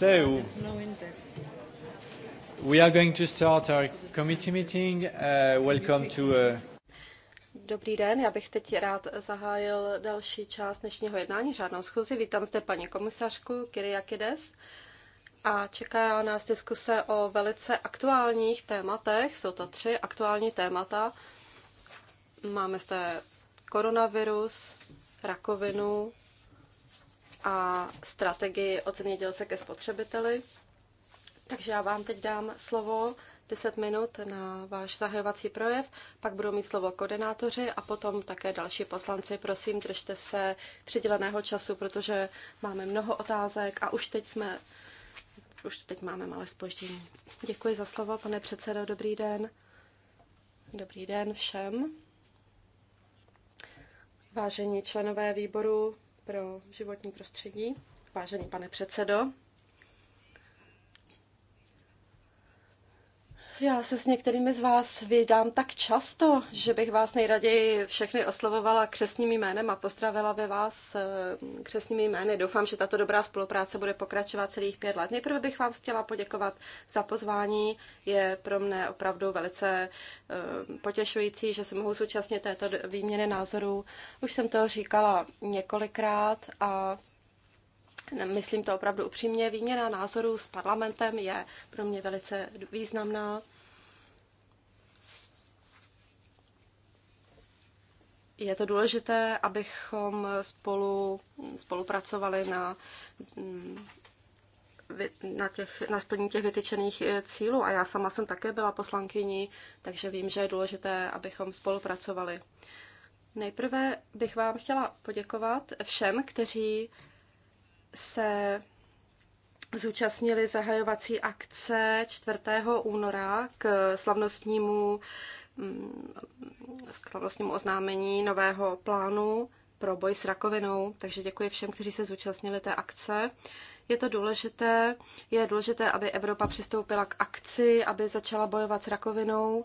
So, we are going to start our committee meeting. Uh, welcome to. Uh... Dobrý den, já bych teď rád zahájil další část dnešního jednání, řádnou schůzi. Vítám zde paní komisařku Kyriakides a čeká nás diskuse o velice aktuálních tématech. Jsou to tři aktuální témata. Máme zde koronavirus, rakovinu a strategii od zemědělce ke spotřebiteli. Takže já vám teď dám slovo 10 minut na váš zahajovací projev, pak budou mít slovo koordinátoři a potom také další poslanci. Prosím, držte se přiděleného času, protože máme mnoho otázek a už teď jsme už teď máme malé spoždění. Děkuji za slovo, pane předsedo, dobrý den. Dobrý den všem. Vážení členové výboru pro životní prostředí. Vážený pane předsedo, Já se s některými z vás vydám tak často, že bych vás nejraději všechny oslovovala křesním jménem a postravila ve vás eh, křesními jmény. Doufám, že tato dobrá spolupráce bude pokračovat celých pět let. Nejprve bych vám chtěla poděkovat za pozvání. Je pro mne opravdu velice eh, potěšující, že se mohu zúčastnit této výměny názorů. Už jsem to říkala několikrát a Myslím to opravdu upřímně. Výměna názorů s parlamentem je pro mě velice významná. Je to důležité, abychom spolu spolupracovali na, mm, na, těch, na splnění těch vytyčených eh, cílů. A já sama jsem také byla poslankyní, takže vím, že je důležité, abychom spolupracovali. Nejprve bych vám chtěla poděkovat všem, kteří se zúčastnili zahajovací akce 4. února k slavnostnímu, mm, k slavnostnímu oznámení nového plánu pro boj s rakovinou, takže děkuji všem, kteří se zúčastnili té akce. Je to důležité, je důležité, aby Evropa přistoupila k akci, aby začala bojovat s rakovinou.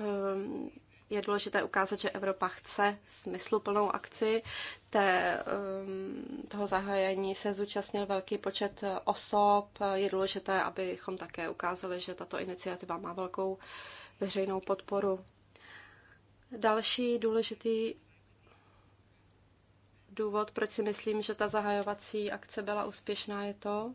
Ehm, je důležité ukázat, že Evropa chce smysluplnou akci. Té, um, toho zahájení se zúčastnil velký počet osob. Je důležité, abychom také ukázali, že tato iniciativa má velkou veřejnou podporu. Další důležitý důvod, proč si myslím, že ta zahajovací akce byla úspěšná, je to,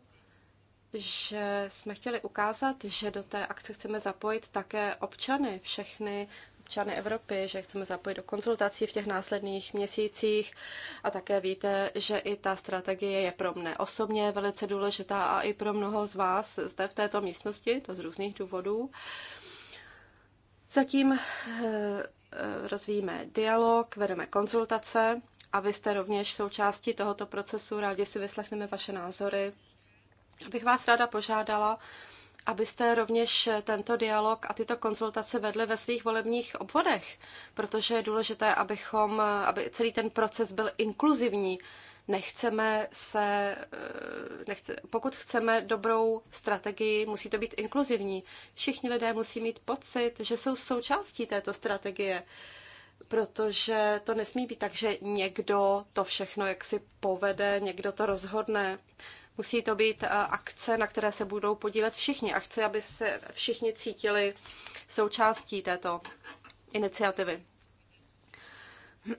že jsme chtěli ukázat, že do té akce chceme zapojit také občany, všechny občany Evropy, že chceme zapojit do konzultací v těch následných měsících a také víte, že i ta strategie je pro mne osobně velice důležitá a i pro mnoho z vás zde v této místnosti, to z různých důvodů. Zatím eh, eh, rozvíjíme dialog, vedeme konzultace a vy jste rovněž součástí tohoto procesu. Rádi si vyslechneme vaše názory. Abych vás ráda požádala, abyste rovněž tento dialog a tyto konzultace vedli ve svých volebních obvodech, protože je důležité, abychom, aby celý ten proces byl inkluzivní. Nechceme se, eh, nechce, pokud chceme dobrou strategii, musí to být inkluzivní. Všichni lidé musí mít pocit, že jsou součástí této strategie protože to nesmí být tak, že někdo to všechno jaksi povede, někdo to rozhodne. Musí to být eh, akce, na které se budou podílet všichni a chci, aby se všichni cítili součástí této iniciativy.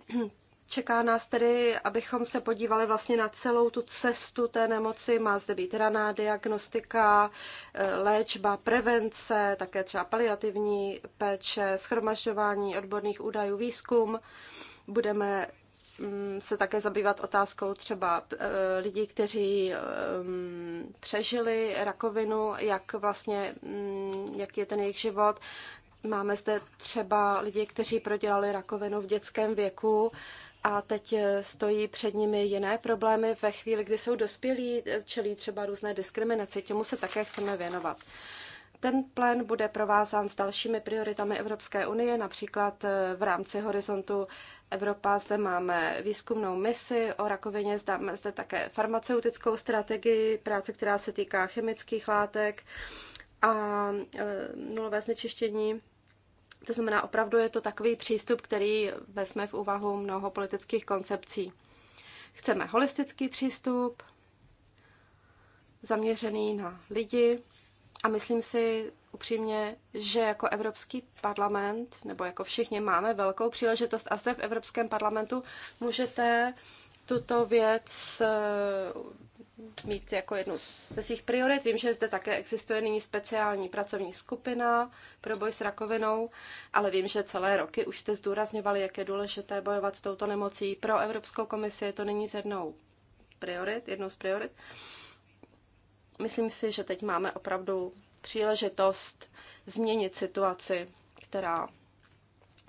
Čeká nás tedy, abychom se podívali vlastně na celou tu cestu té nemoci. Má zde být raná diagnostika, eh, léčba, prevence, také třeba paliativní péče, schromažďování odborných údajů, výzkum. Budeme Mm, se také zabývat otázkou třeba eh, lidí, kteří ehm, přežili rakovinu, jak vlastně, mm, jak je ten jejich život. Máme zde třeba lidi, kteří prodělali rakovinu v dětském věku a teď eh, stojí před nimi jiné problémy ve chvíli, kdy jsou dospělí, eh, čelí třeba různé diskriminaci. Těmu se také chceme věnovat. Ten plán bude provázán s dalšími prioritami Evropské unie, například eh, v rámci horizontu Evropa zde máme výzkumnou misi o rakovině, zdáme zde také farmaceutickou strategii, práce, která se týká chemických látek a eh, nulové znečištění. To znamená, opravdu je to takový přístup, který vezme v úvahu mnoho politických koncepcí. Chceme holistický přístup, zaměřený na lidi, a myslím si upřímně, že jako Evropský parlament, nebo jako všichni máme velkou příležitost a zde v Evropském parlamentu můžete tuto věc eh, mít jako jednu ze svých priorit. Vím, že zde také existuje nyní speciální pracovní skupina pro boj s rakovinou, ale vím, že celé roky už jste zdůrazňovali, jak je důležité bojovat s touto nemocí. Pro Evropskou komisi je to nyní z jednou priorit, jednou z priorit. Uh, Myslím si, že teď máme opravdu příležitost změnit situaci, která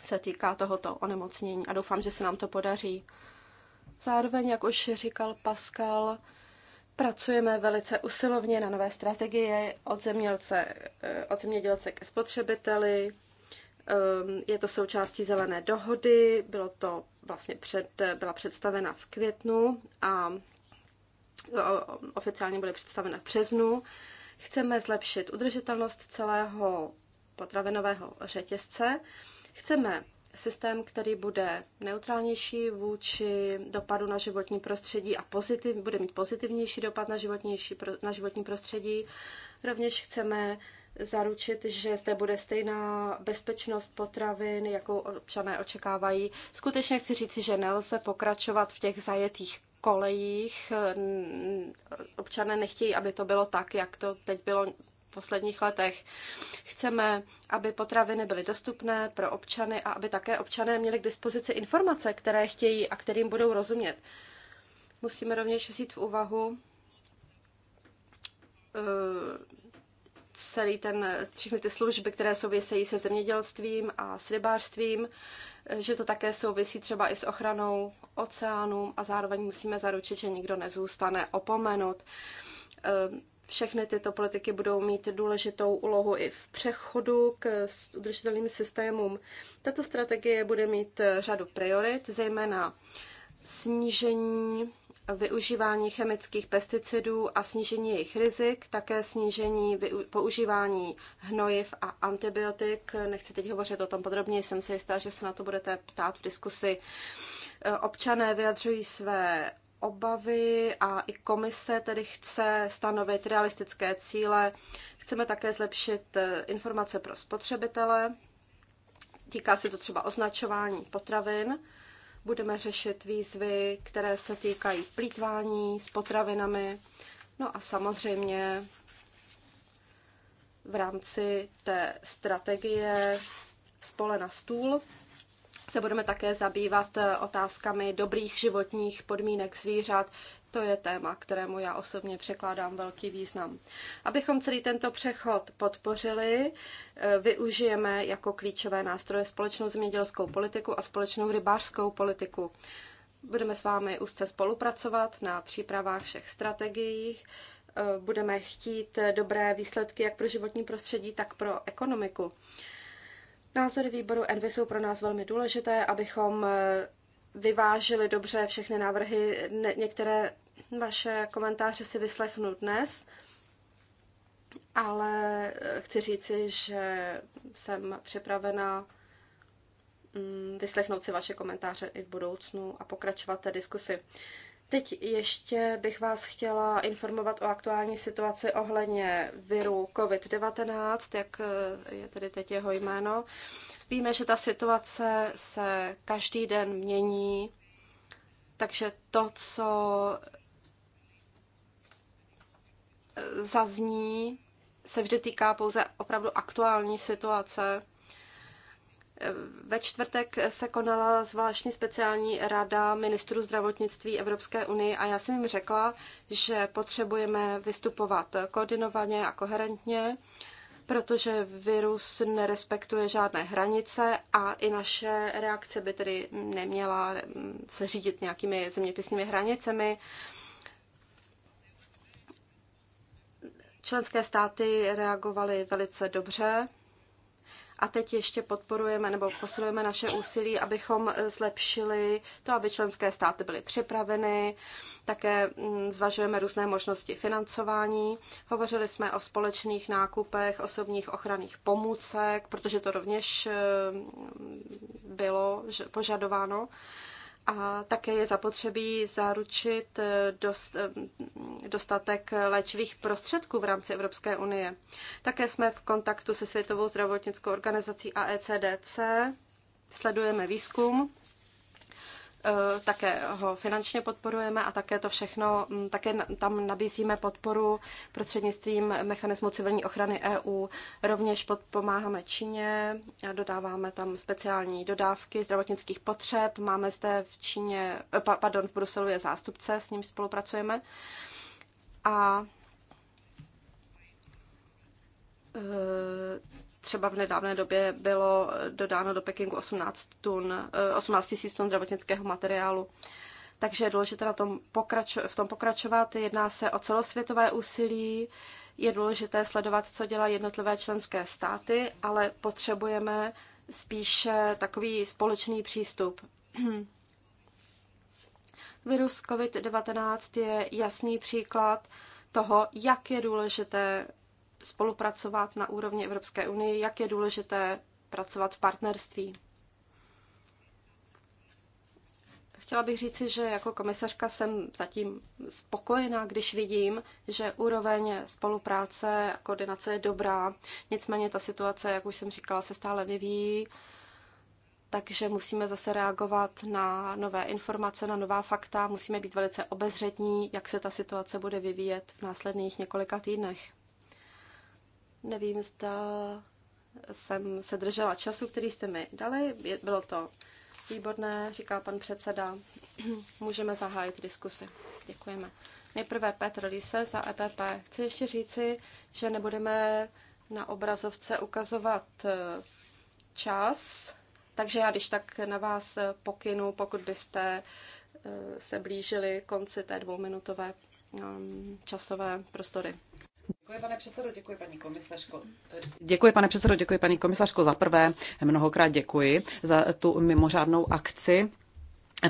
se týká tohoto onemocnění a doufám, že se nám to podaří. Zároveň, jak už říkal Pascal, pracujeme velice usilovně na nové strategie od, zemělce, eh, od zemědělce ke spotřebiteli. Ehm, je to součástí zelené dohody, bylo to vlastně před, byla představena v květnu a oficiálně bude představena v březnu. Chceme zlepšit udržitelnost celého potravinového řetězce. Chceme systém, který bude neutrálnější vůči dopadu na životní prostředí a pozitiv, bude mít pozitivnější dopad na, životnější, na životní prostředí. Rovněž chceme zaručit, že zde bude stejná bezpečnost potravin, jakou občané očekávají. Skutečně chci říci, že nelze pokračovat v těch zajetých kolejích. Eh, občané nechtějí, aby to bylo tak, jak to teď bylo v posledních letech. Chceme, aby potraviny byly dostupné pro občany a aby také občané měli k dispozici informace, které chtějí a kterým budou rozumět. Musíme rovněž vzít v úvahu eh, celý ten, všechny ty služby, které souvisejí se zemědělstvím a s rybářstvím, že to také souvisí třeba i s ochranou oceánů a zároveň musíme zaručit, že nikdo nezůstane opomenut. Ehm, všechny tyto politiky budou mít důležitou úlohu i v přechodu k udržitelným systémům. Tato strategie bude mít eh, řadu priorit, zejména snížení využívání chemických pesticidů a snížení jejich rizik, také snížení používání hnojiv a antibiotik. Nechci teď hovořit o tom podrobně, jsem si jistá, že se na to budete ptát v diskusi. Eh, občané vyjadřují své obavy a i komise tedy chce stanovit realistické cíle. Chceme také zlepšit eh, informace pro spotřebitele. Týká se to třeba označování potravin budeme řešit výzvy, které se týkají plítvání s potravinami. No a samozřejmě v rámci té strategie spole na stůl se budeme také zabývat otázkami dobrých životních podmínek zvířat, to je téma, kterému já osobně překládám velký význam. Abychom celý tento přechod podpořili, eh, využijeme jako klíčové nástroje společnou zemědělskou politiku a společnou rybářskou politiku. Budeme s vámi úzce spolupracovat na přípravách všech strategií. Eh, budeme chtít dobré výsledky jak pro životní prostředí, tak pro ekonomiku. Názory výboru Envy jsou pro nás velmi důležité, abychom eh, vyvážili dobře všechny návrhy. Ne, některé vaše komentáře si vyslechnu dnes, ale eh, chci říci, že jsem připravena mm, vyslechnout si vaše komentáře i v budoucnu a pokračovat té diskusi. Teď ještě bych vás chtěla informovat o aktuální situaci ohledně viru COVID-19, jak eh, je tedy teď jeho jméno. Víme, že ta situace se každý den mění, takže to, co zazní, se vždy týká pouze opravdu aktuální situace. Ve čtvrtek se konala zvláštní speciální rada ministrů zdravotnictví Evropské unie a já jsem jim řekla, že potřebujeme vystupovat koordinovaně a koherentně protože virus nerespektuje žádné hranice a i naše reakce by tedy neměla mm, se řídit nějakými zeměpisnými hranicemi. Členské státy reagovaly velice dobře a teď ještě podporujeme nebo posilujeme naše úsilí, abychom eh, zlepšili to, aby členské státy byly připraveny. Také mm, zvažujeme různé možnosti financování. Hovořili jsme o společných nákupech osobních ochranných pomůcek, protože to rovněž eh, bylo požadováno a také je zapotřebí zaručit eh, dost, eh, dostatek léčivých prostředků v rámci Evropské unie. Také jsme v kontaktu se Světovou zdravotnickou organizací AECDC. sledujeme výzkum Eh, také ho finančně podporujeme a také to všechno, mm, také tam nabízíme podporu prostřednictvím mechanismu civilní ochrany EU. Rovněž pomáháme Číně, dodáváme tam speciální dodávky zdravotnických potřeb, máme zde v Číně, eh, pardon, v Bruselu je zástupce, s ním spolupracujeme. A eh, třeba v nedávné době bylo dodáno do Pekingu 18 tun, 18 eh, 000 tun zdravotnického materiálu. Takže je důležité na tom pokračo- v tom pokračovat. Jedná se o celosvětové úsilí, je důležité sledovat, co dělají jednotlivé členské státy, ale potřebujeme spíše takový společný přístup. Virus COVID-19 je jasný příklad toho, jak je důležité spolupracovat na úrovni Evropské unie, jak je důležité pracovat v partnerství. Chtěla bych říci, že jako komisařka jsem zatím spokojená, když vidím, že úroveň spolupráce a koordinace je dobrá. Nicméně ta situace, jak už jsem říkala, se stále vyvíjí, takže musíme zase reagovat na nové informace, na nová fakta, musíme být velice obezřetní, jak se ta situace bude vyvíjet v následných několika týdnech. Nevím, zda jsem se držela času, který jste mi dali. Bylo to výborné, říká pan předseda. Můžeme zahájit diskusi. Děkujeme. Nejprve Petr Lise za EPP. Chci ještě říci, že nebudeme na obrazovce ukazovat eh, čas, takže já když tak na vás eh, pokynu, pokud byste eh, se blížili konci té dvouminutové ehm, časové prostory. Děkuji, pane předsedo, děkuji, paní komisařko. Děkuji, pane předsedo, děkuji, paní komisařko. Za prvé mnohokrát děkuji za tu mimořádnou akci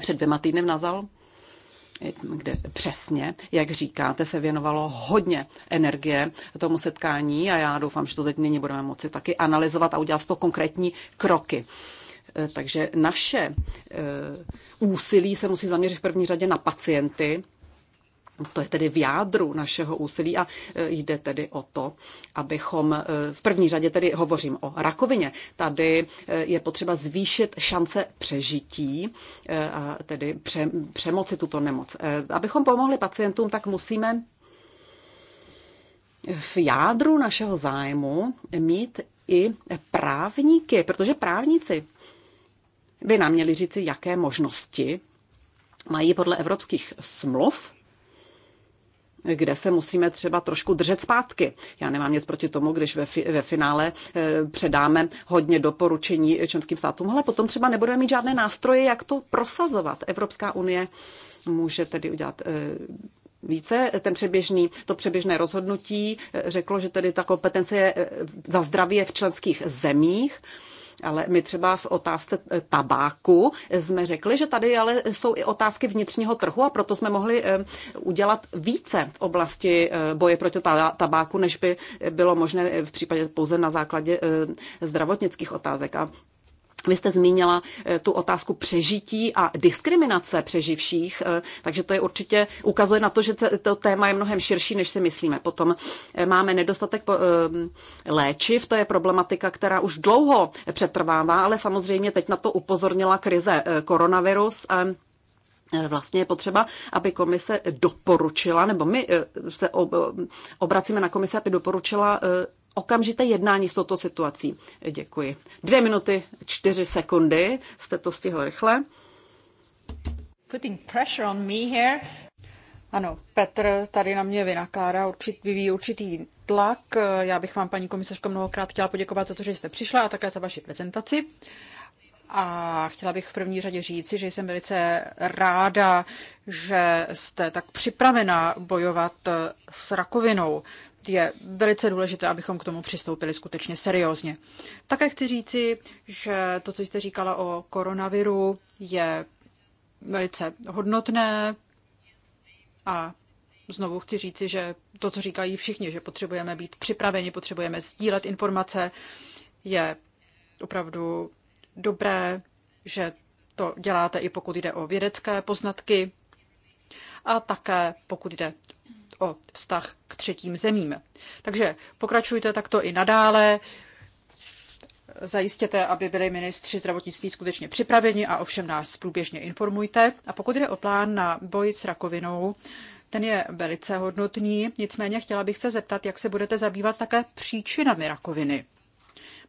před dvěma týdny v Nazal kde přesně, jak říkáte, se věnovalo hodně energie tomu setkání a já doufám, že to teď nyní budeme moci taky analyzovat a udělat z toho konkrétní kroky. Takže naše eh, úsilí se musí zaměřit v první řadě na pacienty, to je tedy v jádru našeho úsilí a e, jde tedy o to, abychom e, v první řadě tedy hovořím o rakovině. Tady e, je potřeba zvýšit šance přežití, a tedy pře, přemoci tuto nemoc. Abychom pomohli pacientům, tak musíme v jádru našeho zájmu mít i právníky, protože právníci by nám měli říci, jaké možnosti mají podle evropských smluv kde se musíme třeba trošku držet zpátky. Já nemám nic proti tomu, když ve, fi, ve finále eh, předáme hodně doporučení členským státům, ale potom třeba nebudeme mít žádné nástroje, jak to prosazovat. Evropská unie může tedy udělat eh, více. Ten přeběžný, to přeběžné rozhodnutí eh, řeklo, že tedy ta kompetence je, za zdraví je v členských zemích. Ale my třeba v otázce eh, tabáku jsme řekli, že tady ale jsou i otázky vnitřního trhu a proto jsme mohli eh, udělat více v oblasti eh, boje proti tabáku, než by bylo možné v případě pouze na základě zdravotnických otázek. A vy jste zmínila eh, tu otázku přežití a diskriminace přeživších, eh, takže to je určitě ukazuje na to, že to téma je mnohem širší, než si myslíme. Potom eh, máme nedostatek léčiv, to je problematika, která už dlouho přetrvává, ale samozřejmě teď na to upozornila krize koronavirus vlastně je potřeba, aby komise doporučila, nebo my se obracíme na komise, aby doporučila okamžité jednání s touto situací. Děkuji. Dvě minuty, čtyři sekundy, jste to stihl rychle. Putting pressure on me here. Ano, Petr tady na mě vynakládá určit, vyvíjí určitý tlak. Já bych vám, paní komisařko, mnohokrát chtěla poděkovat za to, že jste přišla a také za vaši prezentaci. A chtěla bych v první řadě říci, že jsem velice ráda, že jste tak připravena bojovat s rakovinou je velice důležité, abychom k tomu přistoupili skutečně seriózně. Také chci říci, že to, co jste říkala o koronaviru, je velice hodnotné a znovu chci říci, že to, co říkají všichni, že potřebujeme být připraveni, potřebujeme sdílet informace, je opravdu dobré, že to děláte i pokud jde o vědecké poznatky a také pokud jde o vztah k třetím zemím. Takže pokračujte takto i nadále. Zajistěte, aby byli ministři zdravotnictví skutečně připraveni a ovšem nás průběžně informujte. A pokud jde o plán na boj s rakovinou, ten je velice hodnotný, nicméně chtěla bych se zeptat, jak se budete zabývat také příčinami rakoviny.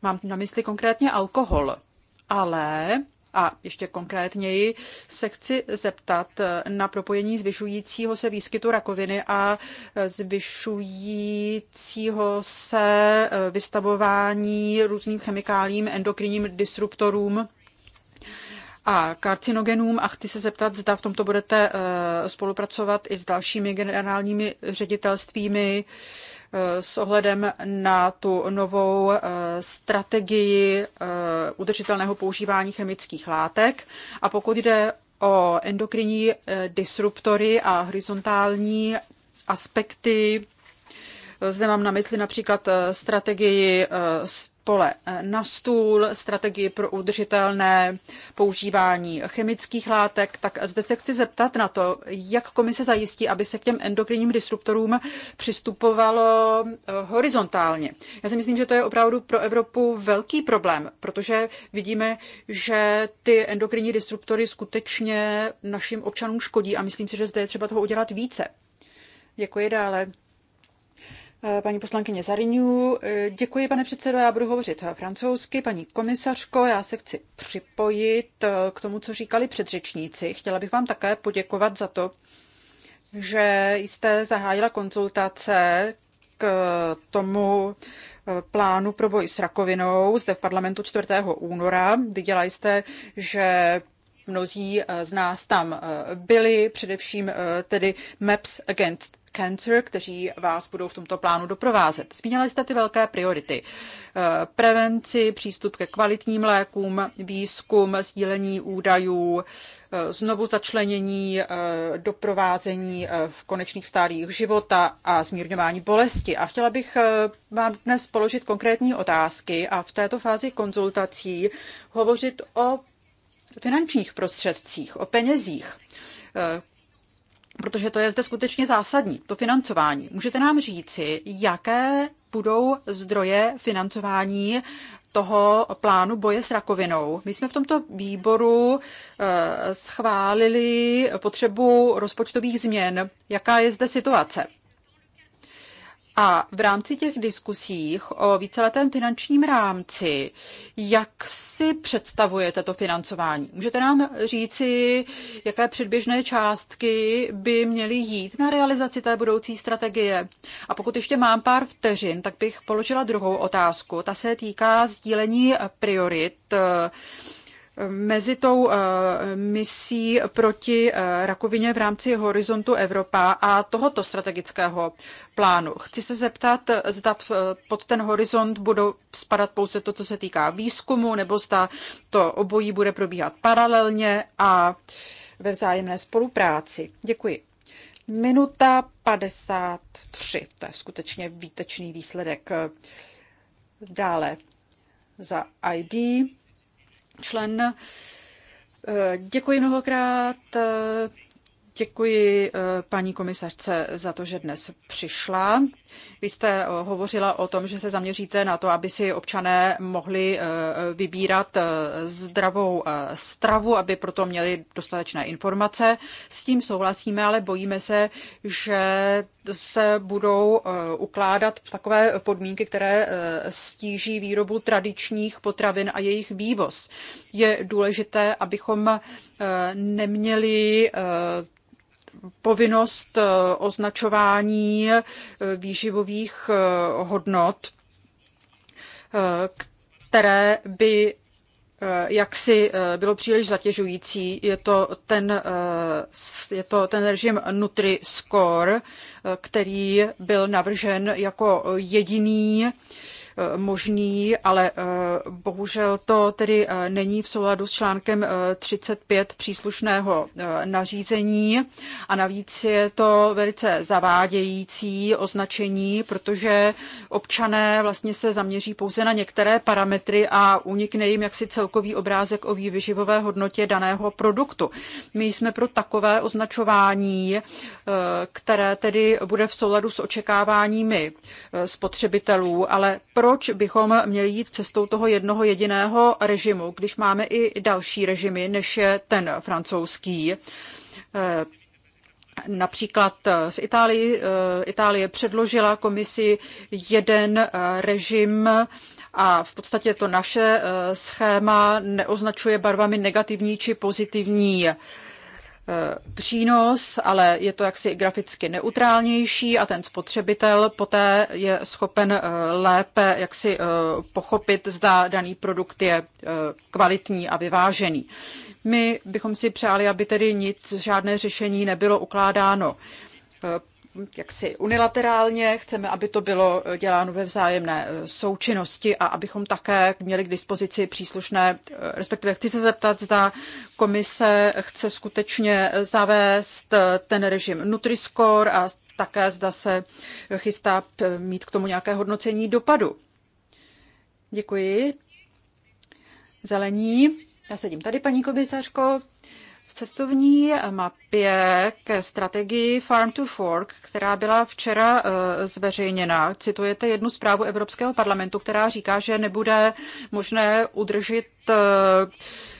Mám na mysli konkrétně alkohol, ale a ještě konkrétněji se chci zeptat eh, na propojení zvyšujícího se výskytu rakoviny a eh, zvyšujícího se eh, vystavování různým chemikálím, endokrinním disruptorům a karcinogenům a chci se zeptat, zda v tomto budete spolupracovat i s dalšími generálními ředitelstvími, Eh, s ohledem na tu novou eh, strategii eh, udržitelného používání chemických látek. A pokud jde o endokrinní disruptory a horizontální aspekty zde mám na mysli například eh, strategii eh, pole eh, na stůl, strategii pro udržitelné používání chemických látek, tak zde se chci zeptat na to, jak komise zajistí, aby se k těm endokrinním disruptorům přistupovalo horizontálně. Já si myslím, že to je opravdu pro Evropu velký problém, protože vidíme, že ty endokrinní disruptory skutečně našim občanům škodí a myslím si, že zde je třeba toho udělat více. Děkuji dále. Eh, paní poslankyně Zariňů, eh, děkuji, pane předsedo, já budu hovořit eh, francouzsky. Paní komisařko, já se chci připojit k tomu, co říkali předřečníci. Chtěla bych vám také poděkovat za to, že jste zahájila konzultace k tomu plánu pro boj s rakovinou zde v parlamentu 4. února. Viděla jste, že mnozí z nás tam byli, především tedy Maps Against Cancer, kteří vás budou v tomto plánu doprovázet. Zmínili jste ty velké priority. Eh, prevenci, přístup ke kvalitním lékům, výzkum, sdílení údajů, eh, znovu začlenění, eh, doprovázení v konečných stádiích života a zmírňování bolesti. A chtěla bych vám dnes položit konkrétní otázky a v této fázi konzultací hovořit o finančních prostředcích, o penězích protože to je zde skutečně zásadní, to financování. Můžete nám říci, jaké budou zdroje financování toho plánu boje s rakovinou. My jsme v tomto výboru eh, schválili potřebu rozpočtových změn. Jaká je zde situace? A v rámci těch diskusích o víceletém finančním rámci, jak si představujete to financování? Můžete nám říci, jaké předběžné částky by měly jít na realizaci té budoucí strategie? A pokud ještě mám pár vteřin, tak bych položila druhou otázku. Ta se týká sdílení priorit mezi tou eh, misí proti eh, rakovině v rámci Horizontu Evropa a tohoto strategického plánu. Chci se zeptat, eh, zda pod ten horizont budou spadat pouze to, co se týká výzkumu, nebo zda to obojí bude probíhat paralelně a ve vzájemné spolupráci. Děkuji. Minuta 53. To je skutečně výtečný výsledek. Dále za ID člen. Eh, děkuji mnohokrát. Eh, děkuji eh, paní komisařce za to, že dnes přišla. Vy jste eh, hovořila o tom, že se zaměříte na to, aby si občané mohli eh, vybírat eh, zdravou stravu, aby proto měli dostatečné informace. S tím souhlasíme, ale bojíme se, že se budou ukládat takové podmínky, které stíží výrobu tradičních potravin a jejich vývoz. Je důležité, abychom neměli povinnost eh, označování eh, výživových eh, hodnot, které by jaksi bylo příliš zatěžující. Je to ten, je to ten režim Nutri-Score, který byl navržen jako jediný Eh, možný, ale eh, bohužel to tedy eh, není v souladu s článkem 35 příslušného nařízení a navíc je to velice zavádějící označení, protože občané vlastně se zaměří pouze na některé parametry a unikne jim jaksi celkový obrázek o výživové hodnotě daného produktu. My jsme pro takové označování, které tedy bude v souladu s očekáváními spotřebitelů, ale pro proč bychom měli jít cestou toho jednoho jediného režimu, když máme i další režimy, než je ten francouzský. Eh, například v Itálii, eh, Itálie předložila komisi jeden eh, režim a v podstatě to naše schéma neoznačuje barvami negativní či pozitivní Eh, přínos, ale je to jaksi graficky neutrálnější a ten spotřebitel poté je schopen eh, lépe jaksi eh, pochopit, zda daný produkt je kvalitní a vyvážený. My bychom si přáli, aby tedy nic, žádné řešení nebylo ukládáno jaksi unilaterálně, chceme, aby to bylo děláno ve vzájemné e, součinnosti a abychom také měli k dispozici příslušné, e, respektive chci se zeptat, zda komise chce skutečně zavést e, ten režim Nutriscore a také zda se chystá mít k tomu nějaké hodnocení dopadu. Děkuji. Zelení. Já sedím tady, paní komisařko. V cestovní mapě ke strategii Farm to Fork, která byla včera eh, zveřejněna, citujete jednu zprávu Evropského parlamentu, která říká, že nebude možné udržet eh,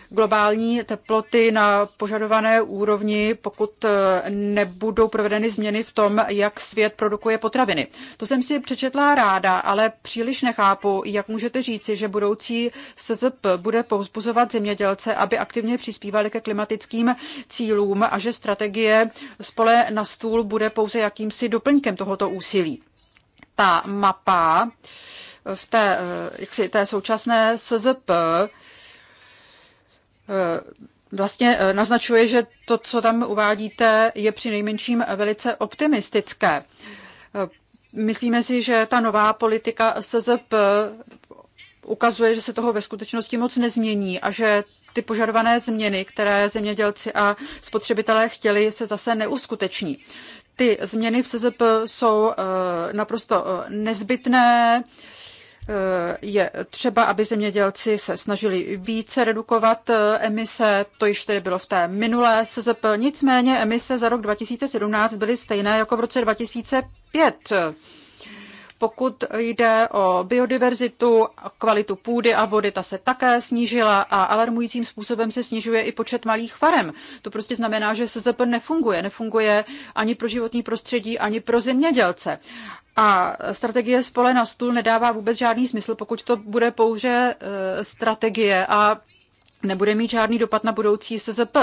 globální teploty na požadované úrovni, pokud eh, nebudou provedeny změny v tom, jak svět produkuje potraviny. To jsem si přečetla ráda, ale příliš nechápu, jak můžete říci, že budoucí SZP bude povzbuzovat zemědělce, aby aktivně přispívali ke klimatickým cílům a že strategie spole na stůl bude pouze jakýmsi doplňkem tohoto úsilí. Ta mapa v té, eh, jaksi, té současné SZP Eh, vlastně eh, naznačuje, že to, co tam uvádíte, je při nejmenším velice optimistické. Eh, myslíme si, že ta nová politika SZP ukazuje, že se toho ve skutečnosti moc nezmění a že ty požadované změny, které zemědělci a spotřebitelé chtěli, se zase neuskuteční. Ty změny v SZP jsou naprosto nezbytné, Eh, je třeba, aby zemědělci se snažili více redukovat eh, emise, to již tedy bylo v té minulé SZP, nicméně emise za rok 2017 byly stejné jako v roce 2005. Pokud jde o biodiverzitu, kvalitu půdy a vody, ta se také snížila a alarmujícím způsobem se snižuje i počet malých farem. To prostě znamená, že SZP nefunguje. Nefunguje ani pro životní prostředí, ani pro zemědělce. A strategie spole na stůl nedává vůbec žádný smysl, pokud to bude pouze e, strategie a nebude mít žádný dopad na budoucí SZP.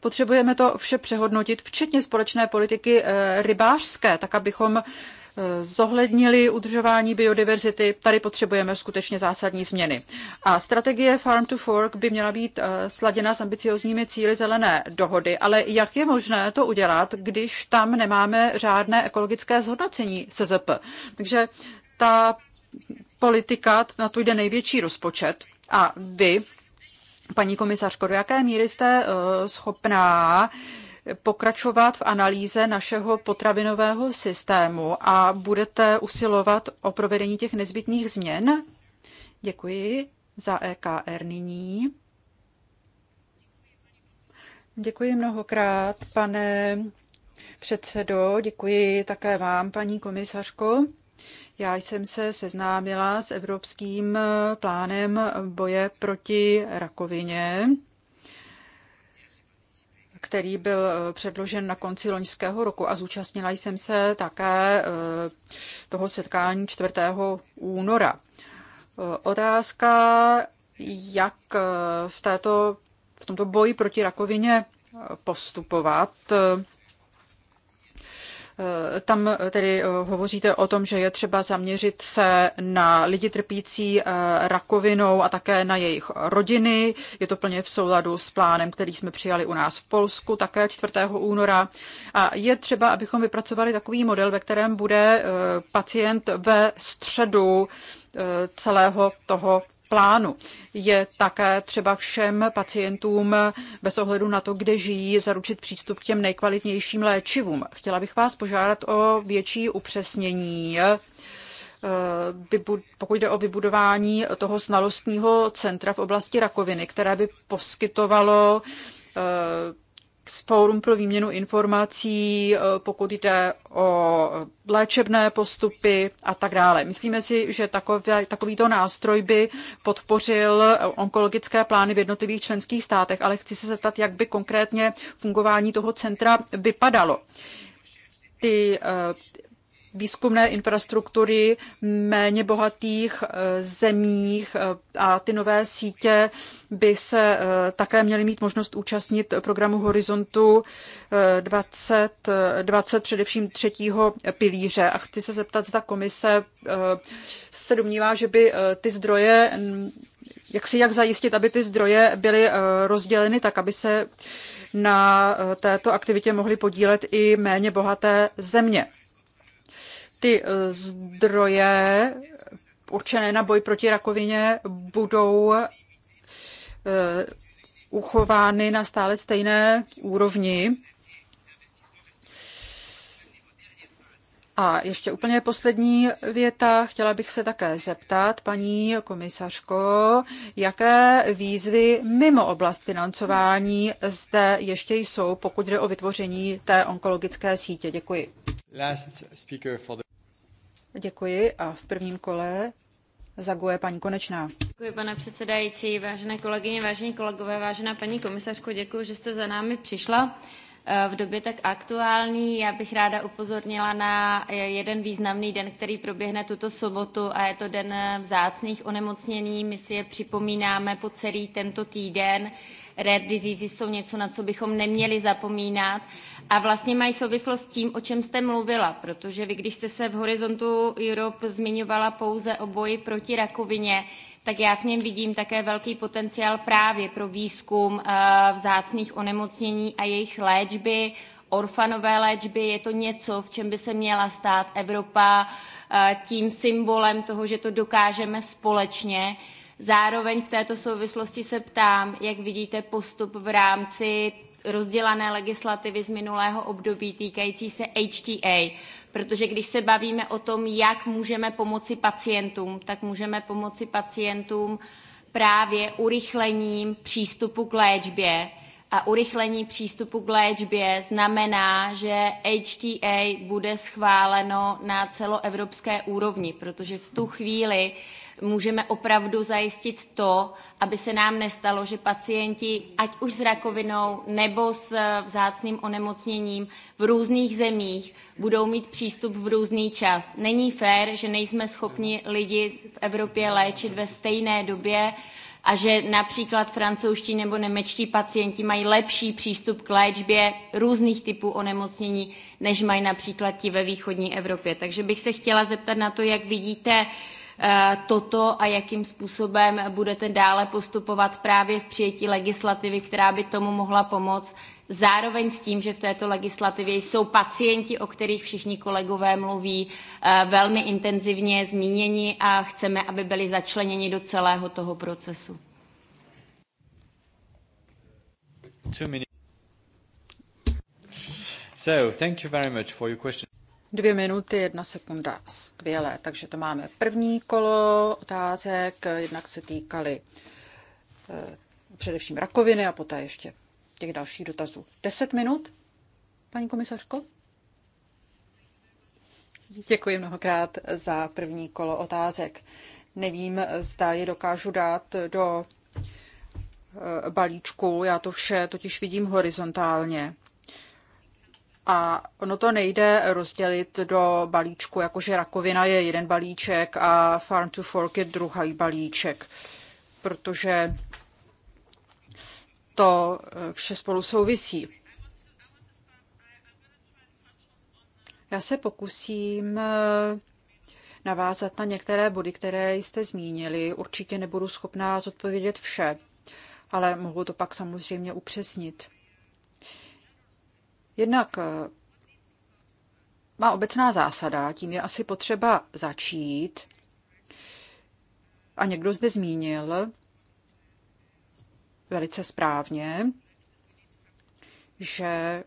Potřebujeme to vše přehodnotit, včetně společné politiky e, rybářské, tak abychom zohlednili udržování biodiverzity, tady potřebujeme skutečně zásadní změny. A strategie Farm to Fork by měla být eh, sladěna s ambiciozními cíly zelené dohody, ale jak je možné to udělat, když tam nemáme řádné ekologické zhodnocení SZP? Takže ta politika, na to jde největší rozpočet a vy, paní komisařko, do jaké míry jste eh, schopná pokračovat v analýze našeho potravinového systému a budete usilovat o provedení těch nezbytných změn? Děkuji za EKR nyní. Děkuji mnohokrát, pane předsedo. Děkuji také vám, paní komisařko. Já jsem se seznámila s evropským plánem boje proti rakovině který byl eh, předložen na konci loňského roku a zúčastnila jsem se také eh, toho setkání 4. února. Eh, otázka, jak v, této, v tomto boji proti rakovině postupovat, Eh, tam eh, tedy eh, hovoříte o tom, že je třeba zaměřit se na lidi trpící rakovinou a také na jejich rodiny. Je to plně v souladu s plánem, který jsme přijali u nás v Polsku také 4. února. A je třeba, abychom vypracovali takový model, ve kterém bude pacient ve středu celého toho plánu. Je také třeba všem pacientům bez ohledu na to, kde žijí, zaručit přístup k těm nejkvalitnějším léčivům. Chtěla bych vás požádat o větší upřesnění eh, pokud jde o vybudování toho znalostního centra v oblasti rakoviny, které by poskytovalo eh, z Fórum pro výměnu informací, eh, pokud jde o léčebné postupy a tak dále. Myslíme si, že takové, takovýto nástroj by podpořil onkologické plány v jednotlivých členských státech, ale chci se zeptat, jak by konkrétně fungování toho centra vypadalo. Ty eh, výzkumné infrastruktury méně bohatých eh, zemích eh, a ty nové sítě by se eh, také měly mít možnost účastnit programu Horizontu 2020, 20, především třetího pilíře. A chci se zeptat, zda komise se domnívá, že by ty zdroje jak si jak zajistit, aby ty zdroje byly rozděleny tak, aby se na této aktivitě mohly podílet i méně bohaté země ty eh, zdroje určené na boj proti rakovině budou eh, uchovány na stále stejné úrovni A ještě úplně poslední věta. Chtěla bych se také zeptat, paní komisařko, jaké výzvy mimo oblast financování zde ještě jsou, pokud jde o vytvoření té onkologické sítě. Děkuji. Last speaker for the... Děkuji a v prvním kole zaguje paní Konečná. Děkuji, pane předsedající, vážené kolegyně, vážení kolegové, vážená paní komisařko, děkuji, že jste za námi přišla v době tak aktuální. Já bych ráda upozornila na eh, jeden významný den, který proběhne tuto sobotu a je to den eh, vzácných onemocnění. My si je připomínáme po celý tento týden. Rare diseases jsou něco, na co bychom neměli zapomínat. A vlastně mají souvislost s tím, o čem jste mluvila, protože vy, když jste se v Horizontu Europe zmiňovala pouze o boji proti rakovině, tak já v něm vidím také velký potenciál právě pro výzkum eh, vzácných onemocnění a jejich léčby, orfanové léčby. Je to něco, v čem by se měla stát Evropa eh, tím symbolem toho, že to dokážeme společně. Zároveň v této souvislosti se ptám, jak vidíte postup v rámci rozdělané legislativy z minulého období týkající se HTA protože když se bavíme o tom, jak můžeme pomoci pacientům, tak můžeme pomoci pacientům právě urychlením přístupu k léčbě. A urychlení přístupu k léčbě znamená, že HTA bude schváleno na celoevropské úrovni, protože v tu chvíli uh, můžeme opravdu zajistit to, aby se nám nestalo, že pacienti, ať už s rakovinou nebo s vzácným onemocněním v různých zemích, budou mít přístup v různý čas. Není fér, že nejsme schopni lidi v Evropě léčit ve stejné době, a že například francouzští nebo nemečtí pacienti mají lepší přístup k léčbě různých typů onemocnění, než mají například ti ve východní Evropě. Takže bych se chtěla zeptat na to, jak vidíte Eh, toto a jakým způsobem budete dále postupovat právě v přijetí legislativy, která by tomu mohla pomoct. Zároveň s tím, že v této legislativě jsou pacienti, o kterých všichni kolegové mluví, eh, velmi intenzivně zmíněni a chceme, aby byli začleněni do celého toho procesu. So, thank you very much for your question. Dvě minuty, jedna sekunda, skvělé. Takže to máme první kolo otázek, jednak se týkaly eh, především rakoviny a poté ještě těch dalších dotazů. Deset minut, paní komisařko? Děkuji mnohokrát za první kolo otázek. Nevím, zda je dokážu dát do eh, balíčku, já to vše totiž vidím horizontálně. A ono to nejde rozdělit do balíčku, jakože rakovina je jeden balíček a farm to fork je druhý balíček, protože to eh, vše spolu souvisí. Já se pokusím eh, navázat na některé body, které jste zmínili. Určitě nebudu schopná zodpovědět vše, ale mohu to pak samozřejmě upřesnit. Jednak eh, má obecná zásada, tím je asi potřeba začít. A někdo zde zmínil velice správně, že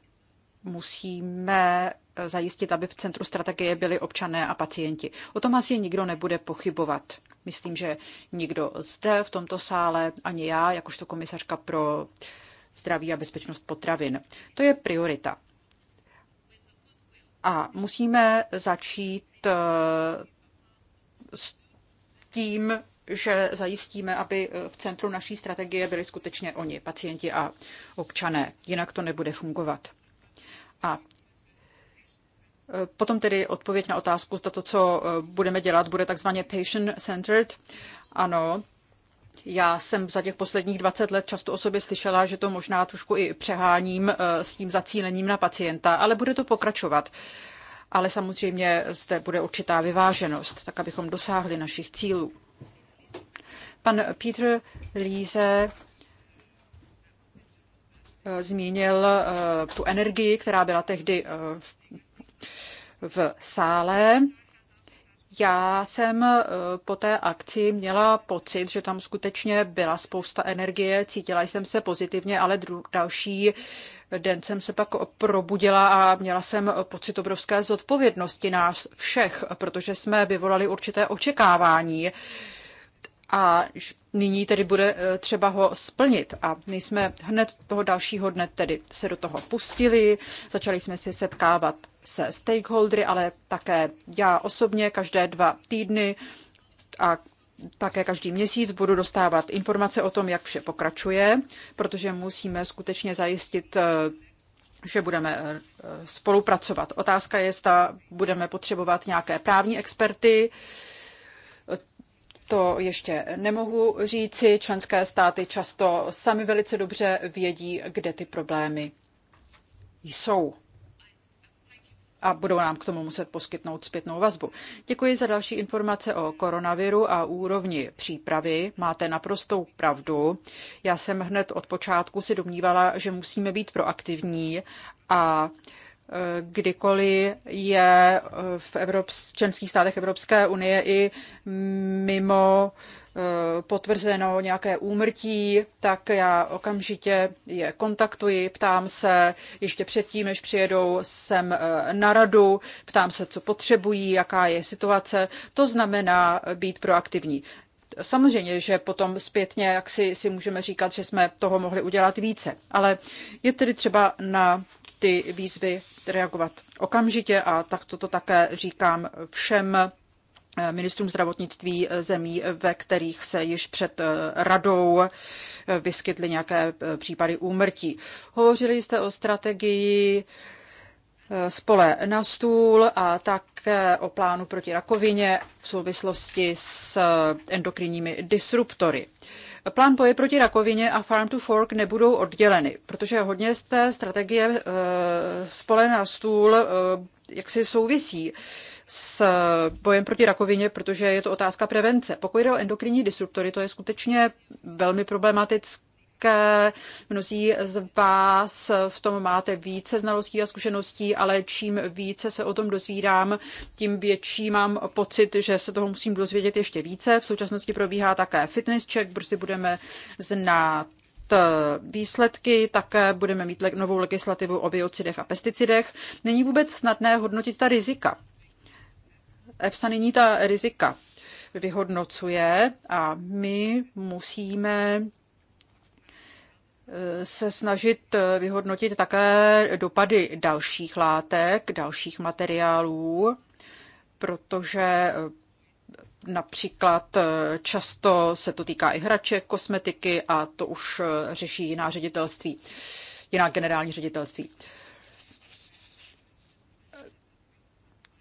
musíme eh, zajistit, aby v centru strategie byli občané a pacienti. O tom asi nikdo nebude pochybovat. Myslím, že nikdo zde v tomto sále, ani já, jakožto komisařka pro uh, zdraví a bezpečnost potravin. To je priorita. A musíme začít eh, s tím, že zajistíme, aby eh, v centru naší strategie byli skutečně oni, pacienti a občané. Jinak to nebude fungovat. A eh, Potom tedy odpověď na otázku, zda to, co budeme dělat, bude takzvaně patient-centered. Ano, já jsem za těch posledních 20 let často o sobě slyšela, že to možná trošku i přeháním eh, s tím zacílením na pacienta, ale bude to pokračovat. Ale samozřejmě zde bude určitá vyváženost, tak abychom dosáhli našich cílů. Pan Peter Líze eh, zmínil eh, tu energii, která byla tehdy v sále. Já jsem e, po té akci měla pocit, že tam skutečně byla spousta energie, cítila jsem se pozitivně, ale další den jsem se pak probudila a měla jsem pocit obrovské zodpovědnosti nás všech, protože jsme vyvolali určité očekávání a nyní tedy bude eh, třeba ho splnit. A my jsme hned toho dalšího dne tedy se do toho pustili, začali jsme si setkávat se stakeholdery, ale také já osobně každé dva týdny a také každý měsíc budu dostávat informace o tom, jak vše pokračuje, protože musíme skutečně zajistit eh, že budeme eh, spolupracovat. Otázka je, zda budeme potřebovat nějaké právní experty, to ještě nemohu říci. Členské státy často sami velice dobře vědí, kde ty problémy jsou. A budou nám k tomu muset poskytnout zpětnou vazbu. Děkuji za další informace o koronaviru a úrovni přípravy. Máte naprostou pravdu. Já jsem hned od počátku si domnívala, že musíme být proaktivní a uh, Eh, kdykoliv je eh, v Evrops- členských státech Evropské unie i mimo eh, potvrzeno nějaké úmrtí, tak já okamžitě je kontaktuji, ptám se ještě předtím, než přijedou sem na radu, ptám se, co potřebují, jaká je situace. To znamená být proaktivní. Samozřejmě, že potom zpětně jak si, si můžeme říkat, že jsme toho mohli udělat více, ale je tedy třeba na ty výzvy reagovat okamžitě a tak toto také říkám všem eh, ministrům zdravotnictví eh, zemí, eh, ve kterých se již před radou vyskytly nějaké případy úmrtí. Hovořili jste o strategii spole na stůl a také o plánu proti rakovině v souvislosti s endokrinními disruptory. Plán boje proti rakovině a Farm to Fork nebudou odděleny, protože hodně z té strategie eh, spole na stůl eh, jak si souvisí s bojem proti rakovině, protože je to otázka prevence. Pokud jde o endokrinní disruptory, to je skutečně velmi problematické také mnozí z vás v tom máte více znalostí a zkušeností, ale čím více se o tom dozvídám, tím větší mám pocit, že se toho musím dozvědět ještě více. V současnosti probíhá také fitness check, brzy budeme znát eh, výsledky, také budeme mít novou legislativu o biocidech a pesticidech. Není vůbec snadné hodnotit ta rizika. EFSA nyní ta rizika vyhodnocuje a my musíme se snažit eh, vyhodnotit také dopady dalších látek, dalších materiálů, protože eh, například eh, často se to týká i hraček, kosmetiky a to už řeší jiná ředitelství, jiná generální ředitelství.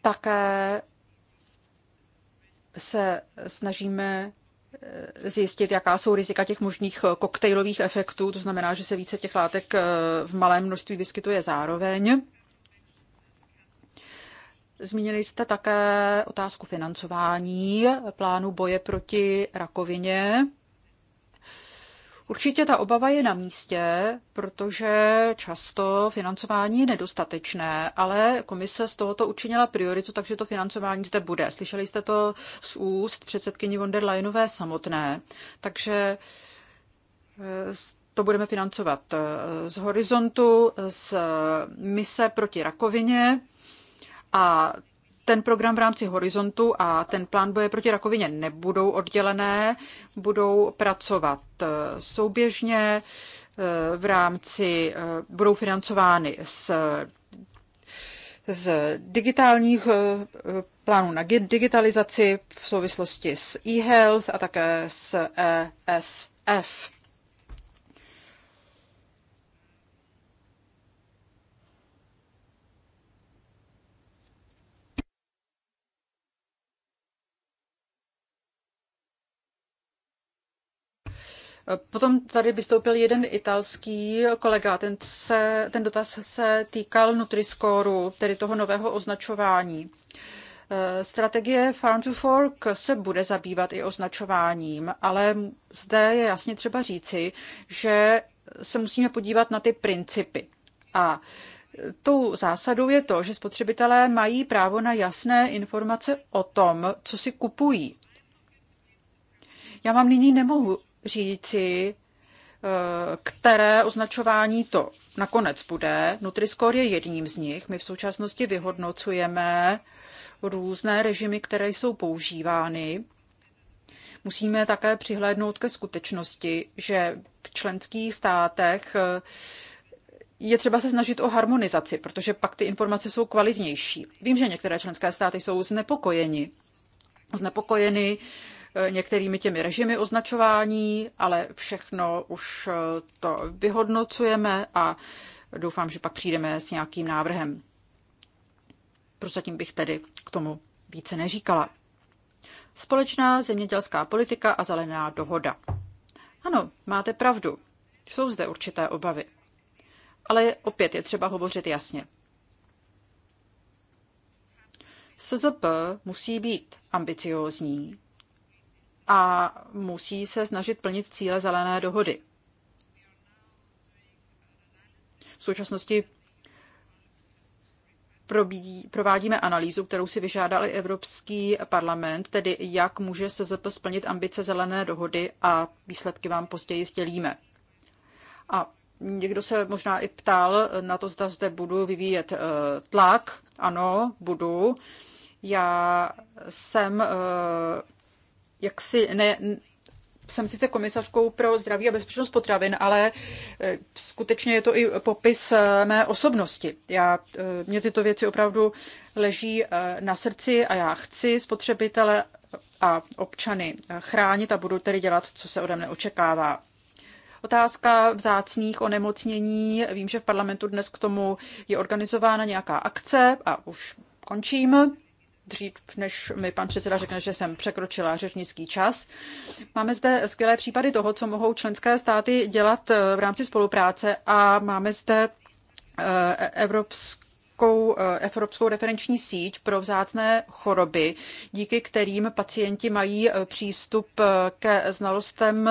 Také se snažíme E, zjistit, jaká jsou rizika těch možných e, koktejlových efektů, to znamená, že se více těch látek e, v malém množství vyskytuje zároveň. Zmínili jste také otázku financování plánu boje proti rakovině. Určitě ta obava je na místě, protože často financování je nedostatečné, ale komise z tohoto učinila prioritu, takže to financování zde bude. Slyšeli jste to z úst předsedkyni von der Leyenové samotné, takže eh, to budeme financovat eh, z horizontu, z mise proti rakovině a ten program v rámci Horizontu a ten plán boje proti rakovině nebudou oddělené, budou pracovat eh, souběžně eh, v rámci, eh, budou financovány z, z digitálních plánů na digitalizaci v souvislosti s e-health a také s ESF. Potom tady vystoupil jeden italský kolega, ten, se, ten dotaz se týkal Nutriscoru, tedy toho nového označování. Eh, strategie Farm to Fork se bude zabývat i označováním, ale zde je jasně třeba říci, že se musíme podívat na ty principy. A eh, tou zásadou je to, že spotřebitelé mají právo na jasné informace o tom, co si kupují. Já vám nyní nemohu říci, eh, které označování to nakonec bude. Nutriscore je jedním z nich. My v současnosti vyhodnocujeme různé režimy, které jsou používány. Musíme také přihlédnout ke skutečnosti, že v členských státech eh, je třeba se snažit o harmonizaci, protože pak ty informace jsou kvalitnější. Vím, že některé členské státy jsou znepokojeni znepokojeny některými těmi režimy označování, ale všechno už eh, to vyhodnocujeme a doufám, že pak přijdeme s nějakým návrhem. Prozatím bych tedy k tomu více neříkala. Společná zemědělská politika a zelená dohoda. Ano, máte pravdu. Jsou zde určité obavy. Ale opět je třeba hovořit jasně. SZP musí být ambiciózní, a musí se snažit plnit cíle zelené dohody. V současnosti provádíme analýzu, kterou si vyžádal i Evropský parlament, tedy jak může SZP splnit ambice zelené dohody a výsledky vám později sdělíme. A někdo se možná i ptal na to, zda zde budu vyvíjet eh, tlak. Ano, budu. Já jsem eh, jak si ne, jsem sice komisařkou pro zdraví a bezpečnost potravin, ale e, skutečně je to i popis e, mé osobnosti. Já, e, mě tyto věci opravdu leží na srdci a já chci spotřebitele a občany chránit a budu tedy dělat, co se ode mne očekává. Otázka vzácných onemocnění. Vím, že v parlamentu dnes k tomu je organizována nějaká akce a už končím dřív, než mi pan předseda řekne, že jsem překročila řečnický čas. Máme zde skvělé případy toho, co mohou členské státy dělat eh, v rámci spolupráce a máme zde eh, evropskou Evropskou, eh, Evropskou referenční síť pro vzácné choroby, díky kterým pacienti mají eh, přístup eh, ke znalostem,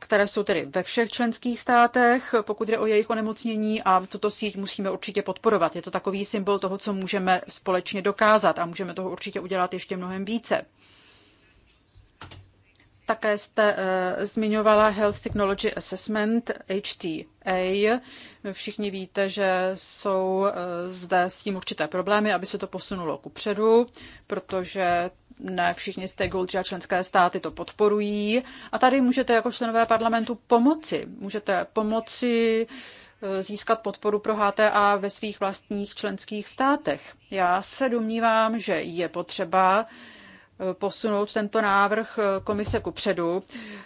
které jsou tedy ve všech členských státech, pokud jde o jejich onemocnění a tuto síť musíme určitě podporovat. Je to takový symbol toho, co můžeme společně dokázat a můžeme toho určitě udělat ještě mnohem více. Také jste uh, zmiňovala Health Technology Assessment, HTA. Všichni víte, že jsou uh, zde s tím určité problémy, aby se to posunulo ku předu, protože ne všichni stakeholdři a členské státy to podporují. A tady můžete jako členové parlamentu pomoci. Můžete pomoci eh, získat podporu pro HTA ve svých vlastních členských státech. Já se domnívám, že je potřeba posunout tento návrh eh, komise ku předu.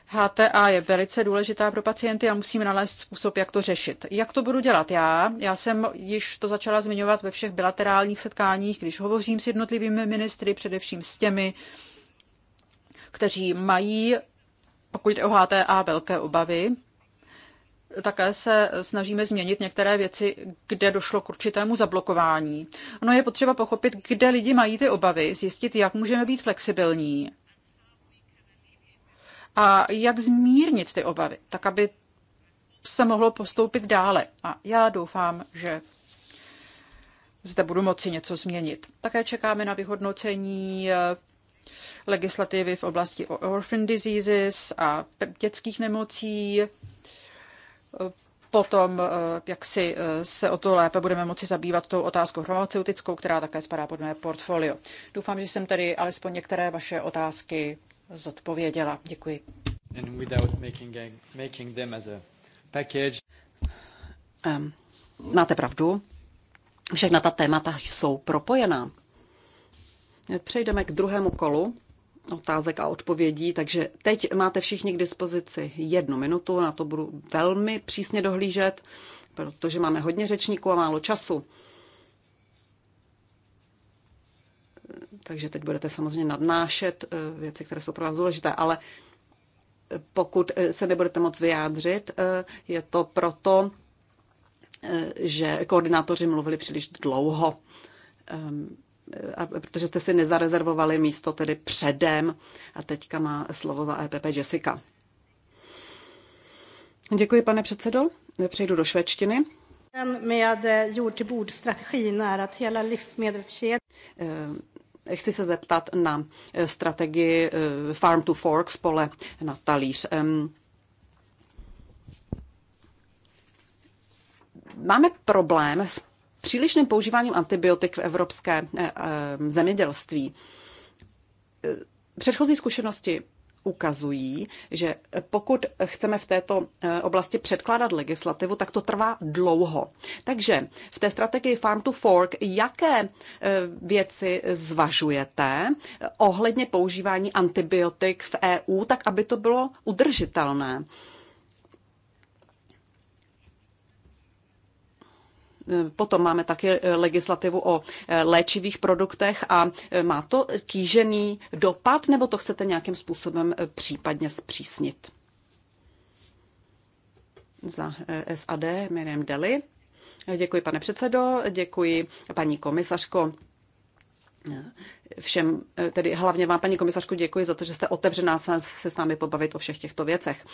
HTA je velice důležitá pro pacienty a musíme nalézt způsob, jak to řešit. Jak to budu dělat já? Já jsem již to začala zmiňovat ve všech bilaterálních setkáních, když hovořím s jednotlivými ministry, především s těmi, kteří mají, pokud jde o HTA, velké obavy také se snažíme změnit některé věci, kde došlo k určitému zablokování. No je potřeba pochopit, kde lidi mají ty obavy, zjistit, jak můžeme být flexibilní a jak zmírnit ty obavy, tak aby se mohlo postoupit dále. A já doufám, že zde budu moci něco změnit. Také čekáme na vyhodnocení eh, legislativy v oblasti orphan diseases a dětských nemocí potom eh, jak si eh, se o to lépe budeme moci zabývat tou otázkou farmaceutickou, která také spadá pod mé portfolio. Doufám, že jsem tady alespoň některé vaše otázky zodpověděla. Děkuji. Making a, making um, máte pravdu. Všechna ta témata jsou propojená. Přejdeme k druhému kolu otázek a odpovědí, takže teď máte všichni k dispozici jednu minutu, na to budu velmi přísně dohlížet, protože máme hodně řečníků a málo času. Takže teď budete samozřejmě nadnášet eh, věci, které jsou pro vás důležité, ale pokud eh, se nebudete moc vyjádřit, eh, je to proto, že koordinátoři mluvili příliš dlouho. Ehm, a protože jste si nezarezervovali místo tedy předem. A teďka má slovo za EPP Jessica. Děkuji, pane předsedo. Přejdu do švečtiny. Eh, chci se zeptat na eh, strategii eh, Farm to Fork spole na talíř. Máme problém s přílišným používáním antibiotik v evropské eh, eh, zemědělství. Eh, předchozí zkušenosti ukazují, že pokud chceme v této oblasti předkládat legislativu, tak to trvá dlouho. Takže v té strategii Farm to Fork, jaké věci zvažujete ohledně používání antibiotik v EU, tak aby to bylo udržitelné? Potom máme také eh, legislativu o eh, léčivých produktech a eh, má to kýžený dopad, nebo to chcete nějakým způsobem případně zpřísnit? Za SAD Miriam Deli. Děkuji, pane předsedo, děkuji, paní komisařko. Všem, tedy hlavně vám, paní komisařku, děkuji za to, že jste otevřená se s námi pobavit o všech těchto věcech.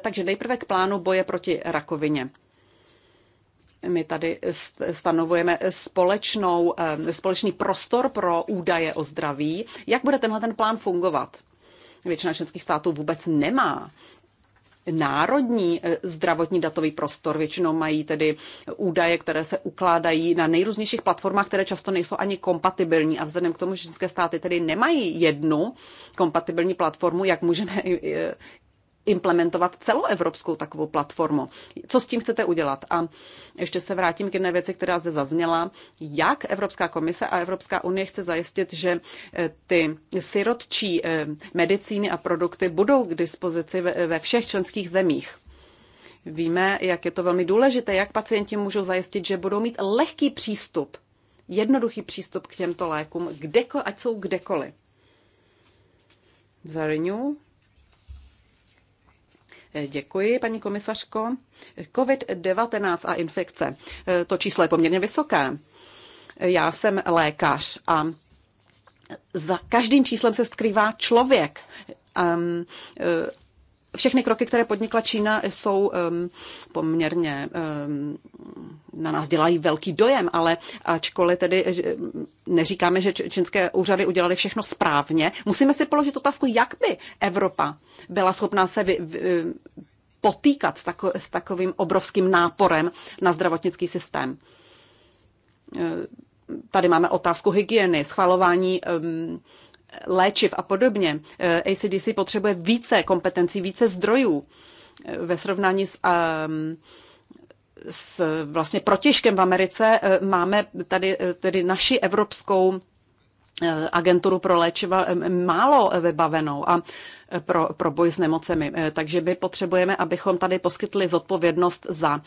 Takže nejprve k plánu boje proti rakovině. My tady stanovujeme společnou, eh, společný prostor pro údaje o zdraví. Jak bude tenhle ten plán fungovat? Většina členských států vůbec nemá národní eh, zdravotní datový prostor. Většinou mají tedy údaje, které se ukládají na nejrůznějších platformách, které často nejsou ani kompatibilní. A vzhledem k tomu, že české státy tedy nemají jednu kompatibilní platformu, jak můžeme eh, implementovat celoevropskou takovou platformu. Co s tím chcete udělat? A ještě se vrátím k jedné věci, která zde zazněla. Jak Evropská komise a Evropská unie chce zajistit, že eh, ty sirotčí eh, medicíny a produkty budou k dispozici ve všech členských zemích? Víme, jak je to velmi důležité, jak pacienti můžou zajistit, že budou mít lehký přístup, jednoduchý přístup k těmto lékům, kdeko, ať jsou kdekoliv. Zareňu, Děkuji, paní komisařko. COVID-19 a infekce. Eh, to číslo je poměrně vysoké. Já jsem lékař a za každým číslem se skrývá člověk. Um, všechny kroky, které podnikla Čína, jsou um, poměrně, um, na nás dělají velký dojem, ale ačkoliv tedy neříkáme, že čínské úřady udělali všechno správně, musíme si položit otázku, jak by Evropa byla schopná se vy, vy, potýkat s, tako, s takovým obrovským náporem na zdravotnický systém. E, tady máme otázku hygieny, schvalování um, léčiv a podobně, eh, ACDC potřebuje více kompetencí, více zdrojů eh, ve srovnání s, um, s vlastně protěžkem v Americe. Eh, máme tady tedy naši evropskou agenturu pro léčiva málo vybavenou a pro, pro boj s nemocemi. Takže my potřebujeme, abychom tady poskytli zodpovědnost za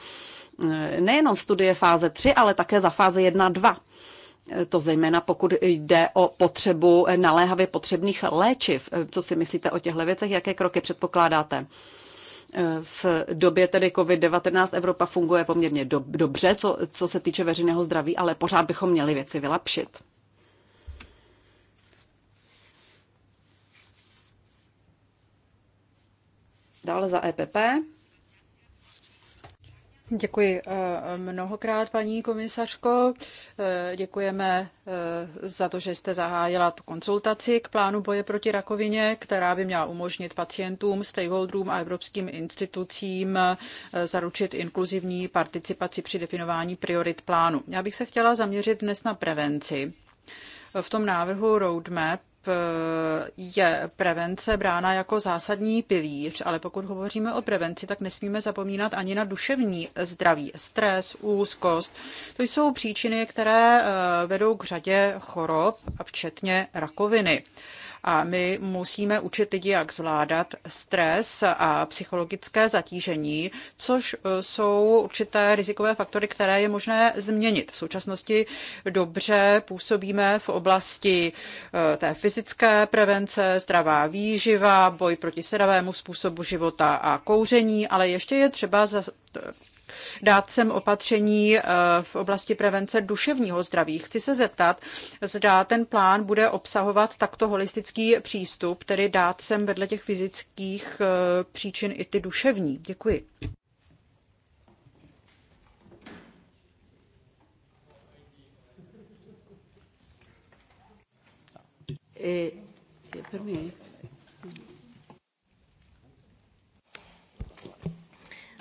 nejenom studie fáze 3, ale také za fáze 1 a 2. Eh, to zejména pokud jde o potřebu eh, naléhavě potřebných léčiv. Eh, co si myslíte o těchto věcech? Jaké kroky předpokládáte? V době tedy COVID-19 Evropa funguje poměrně dobře, co, co se týče veřejného zdraví, ale pořád bychom měli věci vylepšit. Dále za EPP. Děkuji eh, mnohokrát, paní komisařko. Eh, děkujeme eh, za to, že jste zahájila tu konzultaci k plánu boje proti rakovině, která by měla umožnit pacientům, stakeholderům a evropským institucím zaručit inkluzivní participaci při definování priorit plánu. Já bych se chtěla zaměřit dnes na prevenci. V tom návrhu roadmap Eh, je prevence brána jako zásadní pilíř, ale pokud hovoříme o prevenci, tak nesmíme zapomínat ani na duševní zdraví. Stres, úzkost, to jsou příčiny, které eh, vedou k řadě chorob, včetně rakoviny. A my musíme učit lidi, jak zvládat stres a psychologické zatížení, což e, jsou určité rizikové faktory, které je možné změnit. V současnosti dobře působíme v oblasti e, té fyzické prevence, zdravá výživa, boj proti sedavému způsobu života a kouření, ale ještě je třeba dát sem opatření eh, v oblasti prevence duševního zdraví. Chci se zeptat, zda ten plán bude obsahovat takto holistický přístup, tedy dát sem vedle těch fyzických eh, příčin i ty duševní. Děkuji. E, per me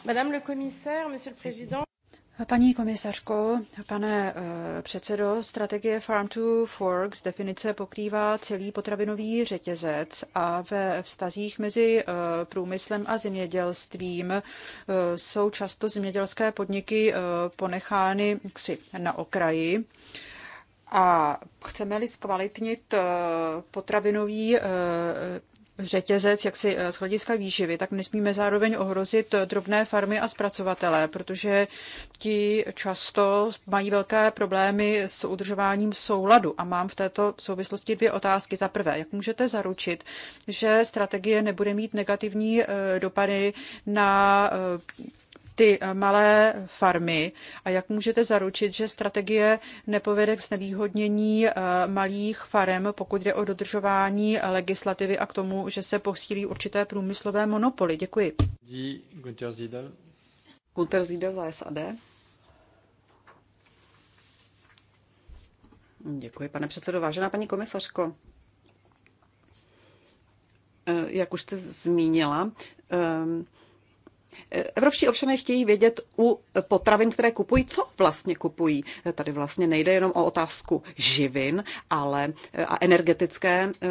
Madame le commissaire, monsieur le président. Paní komisařko, pane eh, předsedo, strategie Farm to Fork z definice pokrývá celý potravinový řetězec a ve vztazích mezi eh, průmyslem a zemědělstvím eh, jsou často zemědělské podniky ponechány ksi na okraji. A chceme-li zkvalitnit potravinový řetězec si eh, z hlediska výživy, tak nesmíme zároveň ohrozit eh, drobné farmy a zpracovatele, protože ti často mají velké problémy s udržováním souladu. A mám v této souvislosti dvě otázky. Za prvé, jak můžete zaručit, že strategie nebude mít negativní eh, dopady na ty eh, malé farmy a jak můžete zaručit, že strategie nepovede k znevýhodnění eh, malých farem, pokud jde o dodržování legislativy a k tomu, že se posílí určité průmyslové monopoly. Děkuji. Gunter Ziedel. Gunter Ziedel za SAD. Děkuji, pane předsedo. Vážená paní komisařko, eh, jak už jste zmínila, Evropští občané chtějí vědět u potravin, které kupují, co vlastně kupují. Tady vlastně nejde jenom o otázku živin, ale eh, a energetické eh,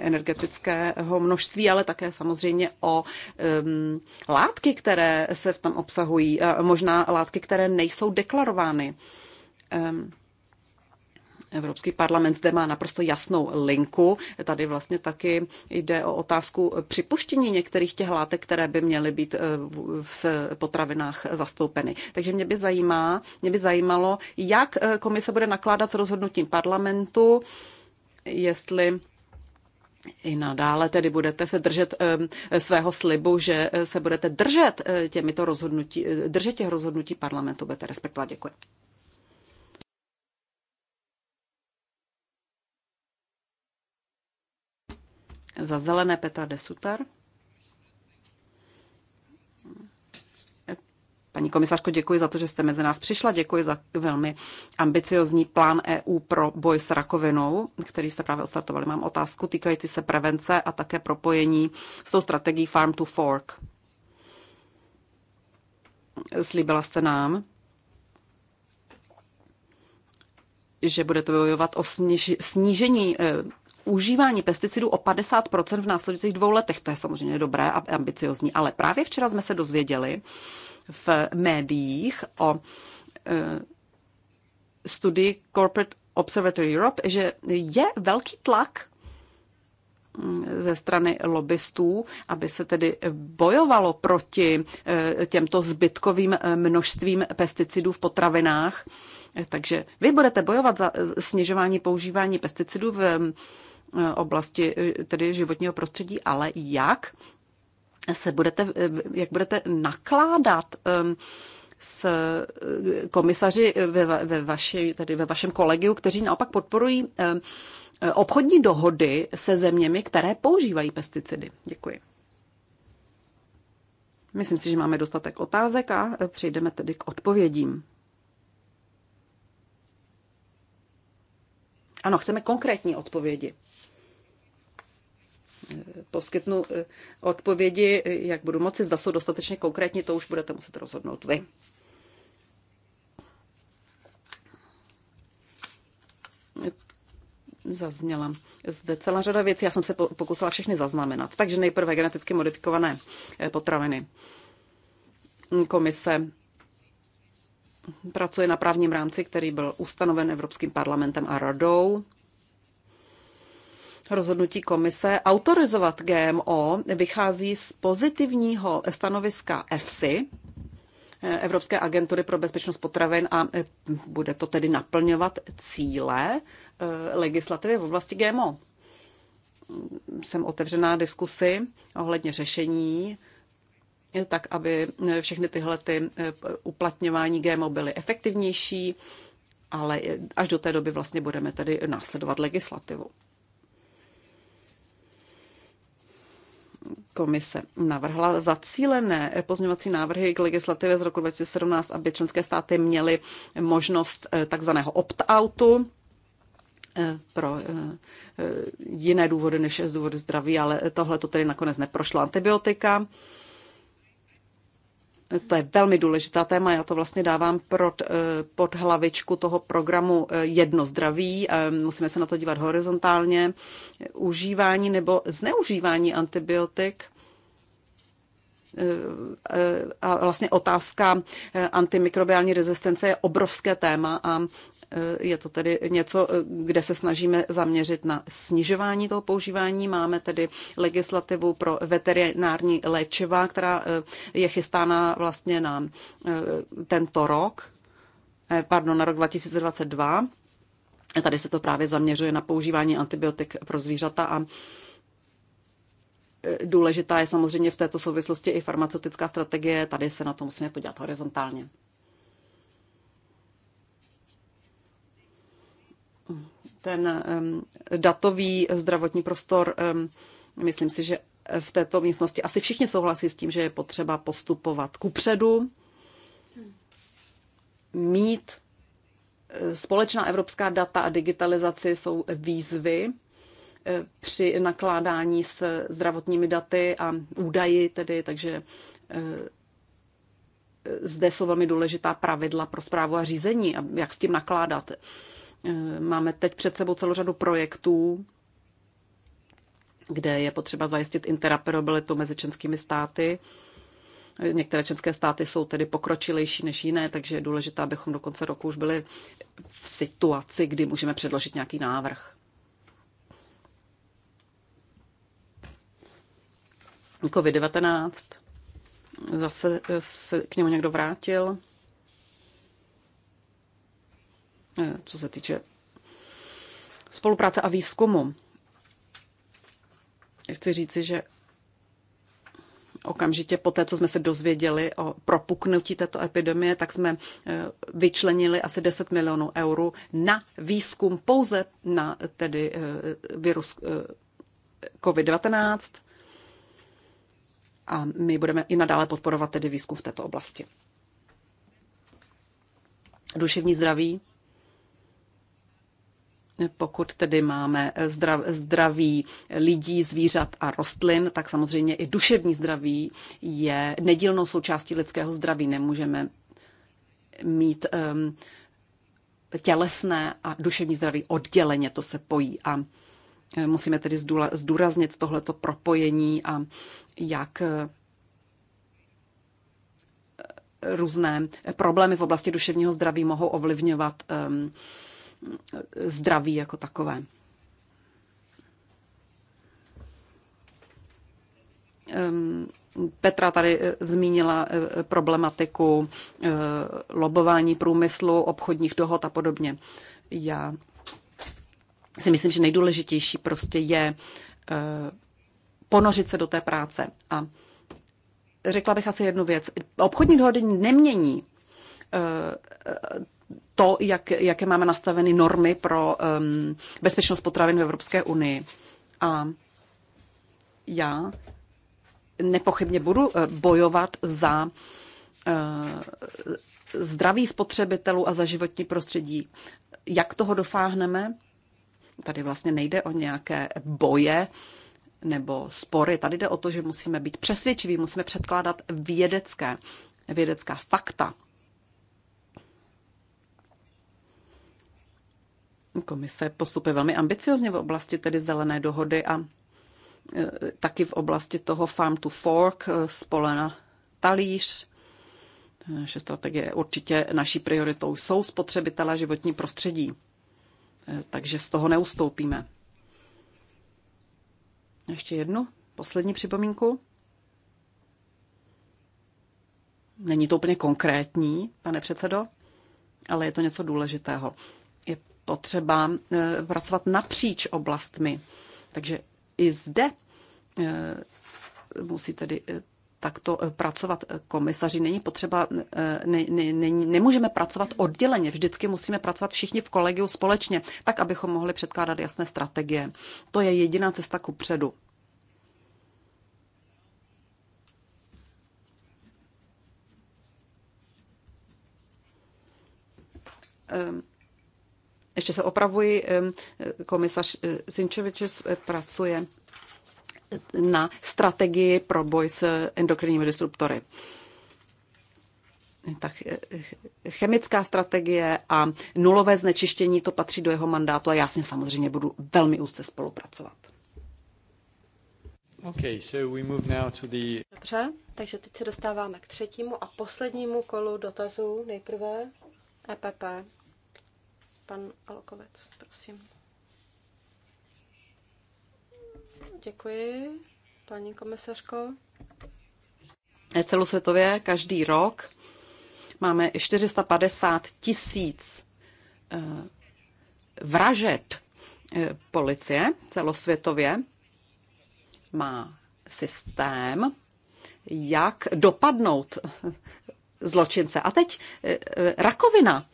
energetického množství, ale také samozřejmě o um, látky, které se v tam obsahují, a eh, možná látky, které nejsou deklarovány. Um, Evropský parlament zde má naprosto jasnou linku. Tady vlastně taky jde o otázku připuštění některých těch látek, které by měly být eh, v potravinách zastoupeny. Takže mě by, zajímá, mě by zajímalo, jak eh, komise bude nakládat s rozhodnutím parlamentu, jestli i nadále tedy budete se držet eh, svého slibu, že se budete držet těmito rozhodnutí, držet těch rozhodnutí parlamentu, budete respektovat. Děkuji. Za zelené Petra Desutar. Paní komisařko, děkuji za to, že jste mezi nás přišla. Děkuji za velmi ambiciozní plán EU pro boj s rakovinou, který jste právě odstartovali. Mám otázku týkající se prevence a také propojení s tou strategií Farm to Fork. Slíbila jste nám, že budete bojovat o sniž, snížení eh, užívání pesticidů o 50% v následujících dvou letech. To je samozřejmě dobré a ambiciozní, ale právě včera jsme se dozvěděli v médiích o e, studii Corporate Observatory Europe, že je velký tlak mm, ze strany lobbystů, aby se tedy bojovalo proti e, těmto zbytkovým e, množstvím pesticidů v potravinách. Takže vy budete bojovat za snižování používání pesticidů v Eh, oblasti eh, tedy životního prostředí, ale jak se budete, eh, jak budete nakládat ehm, s komisaři ve, ve, vaši, tedy ve vašem kolegiu, kteří naopak podporují ehm, obchodní dohody se zeměmi, které používají pesticidy. Děkuji. Myslím si, že máme dostatek otázek a přejdeme tedy k odpovědím. Ano, chceme konkrétní odpovědi. Poskytnu eh, odpovědi, eh, jak budu moci, zda jsou dostatečně konkrétní, to už budete muset rozhodnout vy. Zazněla zde celá řada věcí, já jsem se pokusila všechny zaznamenat. Takže nejprve geneticky modifikované eh, potraviny. Komise pracuje na právním rámci, který byl ustanoven Evropským parlamentem a radou. Rozhodnutí komise autorizovat GMO vychází z pozitivního stanoviska EFSI, Evropské agentury pro bezpečnost potravin a e, bude to tedy naplňovat cíle e, legislativy v oblasti GMO. Jsem otevřená diskusi ohledně řešení tak aby eh, všechny tyhle ty eh, uplatňování GMO byly efektivnější, ale až do té doby vlastně budeme tedy následovat legislativu. komise navrhla zacílené pozměňovací návrhy k legislativě z roku 2017, aby členské státy měly možnost eh, takzvaného opt-outu pro jiné důvody než z důvodu zdraví, ale tohle to tedy nakonec neprošlo antibiotika. To je velmi důležitá téma, já to vlastně dávám pod, eh, pod hlavičku toho programu eh, Jedno zdraví, eh, musíme se na to dívat horizontálně. Užívání nebo zneužívání antibiotik a vlastně otázka antimikrobiální rezistence je obrovské téma a je to tedy něco, kde se snažíme zaměřit na snižování toho používání. Máme tedy legislativu pro veterinární léčiva, která eh, je chystána vlastně na eh, tento rok, eh, pardon, na rok 2022. Tady se to právě zaměřuje na používání antibiotik pro zvířata a důležitá je samozřejmě v této souvislosti i farmaceutická strategie. Tady se na to musíme podívat horizontálně. ten datový zdravotní prostor, myslím si, že v této místnosti asi všichni souhlasí s tím, že je potřeba postupovat kupředu, mít e, společná evropská data a digitalizaci jsou výzvy e, při nakládání s zdravotními daty a údaji tedy, takže e, zde jsou velmi důležitá pravidla pro zprávu a řízení a jak s tím nakládat. Eh, máme teď před sebou celou řadu projektů, kde je potřeba zajistit interoperabilitu mezi členskými státy. Některé české státy jsou tedy pokročilejší než jiné, takže je důležité, abychom do konce roku už byli v situaci, kdy můžeme předložit nějaký návrh. COVID-19. Zase se k němu někdo vrátil. Eh, co se týče spolupráce a výzkumu. Chci říci, že okamžitě po té, co jsme se dozvěděli o propuknutí této epidemie, tak jsme eh, vyčlenili asi 10 milionů eur na výzkum pouze na tedy eh, virus COVID-19 a my budeme i nadále podporovat tedy výzkum v této oblasti. Duševní zdraví pokud tedy máme eh, zdrav, zdraví lidí, zvířat a rostlin, tak samozřejmě i duševní zdraví je nedílnou součástí lidského zdraví. Nemůžeme mít um, tělesné a duševní zdraví odděleně, to se pojí. A eh, musíme tedy zdůraznit tohleto propojení a jak eh, různé problémy v oblasti duševního zdraví mohou ovlivňovat um, zdraví jako takové. Petra tady eh, zmínila eh, problematiku eh, lobování průmyslu, obchodních dohod a podobně. Já si myslím, že nejdůležitější prostě je ponořit se do té práce. A řekla bych asi jednu věc. Obchodní dohody nemění to, jak, jaké máme nastaveny normy pro um, bezpečnost potravin v Evropské unii. A já nepochybně budu eh, bojovat za uh, zdraví spotřebitelů a za životní prostředí. Jak toho dosáhneme? Tady vlastně nejde o nějaké boje nebo spory. Tady jde o to, že musíme být přesvědčiví, musíme předkládat vědecké, vědecká fakta Komise postupuje velmi ambiciozně v oblasti tedy zelené dohody a e, taky v oblasti toho farm to fork, e, spole na talíř. Naše strategie určitě naší prioritou jsou spotřebitelé životní prostředí. E, takže z toho neustoupíme. Ještě jednu poslední připomínku. Není to úplně konkrétní, pane předsedo, ale je to něco důležitého potřeba eh, pracovat napříč oblastmi. Takže i zde eh, musí tedy eh, takto pracovat komisaři. Není potřeba, ne, ne, ne, nemůžeme pracovat odděleně, vždycky musíme pracovat všichni v kolegiu společně, tak, abychom mohli předkládat jasné strategie. To je jediná cesta ku předu. Um, ještě se opravuji, komisař Sinčevič eh, eh, pracuje na strategii pro boj s endokrinními disruptory. Tak eh, chemická strategie a nulové znečištění, to patří do jeho mandátu a já s ním samozřejmě budu velmi úzce spolupracovat. Okay, so we move now to the... Dobře, takže teď se dostáváme k třetímu a poslednímu kolu dotazů. Nejprve EPP. Pan Alkovec, prosím. Děkuji, paní komisařko. Celosvětově každý rok máme 450 tisíc eh, vražet eh, policie celosvětově. Má systém, jak dopadnout zločince. A teď eh, rakovina.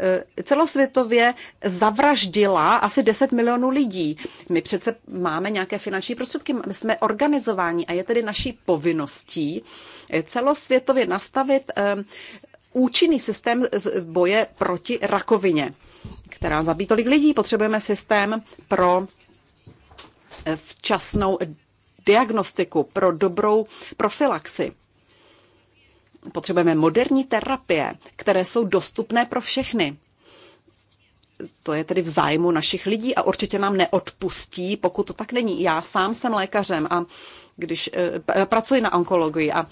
Eh, celosvětově zavraždila asi 10 milionů lidí. My přece máme nějaké finanční prostředky, jsme organizováni a je tedy naší povinností eh, celosvětově nastavit eh, účinný systém boje proti rakovině, která zabíjí tolik lidí. Potřebujeme systém pro včasnou diagnostiku, pro dobrou profilaxi potřebujeme moderní terapie, které jsou dostupné pro všechny. To je tedy v zájmu našich lidí a určitě nám neodpustí, pokud to tak není. Já sám jsem lékařem a když eh, pracuji na onkologii a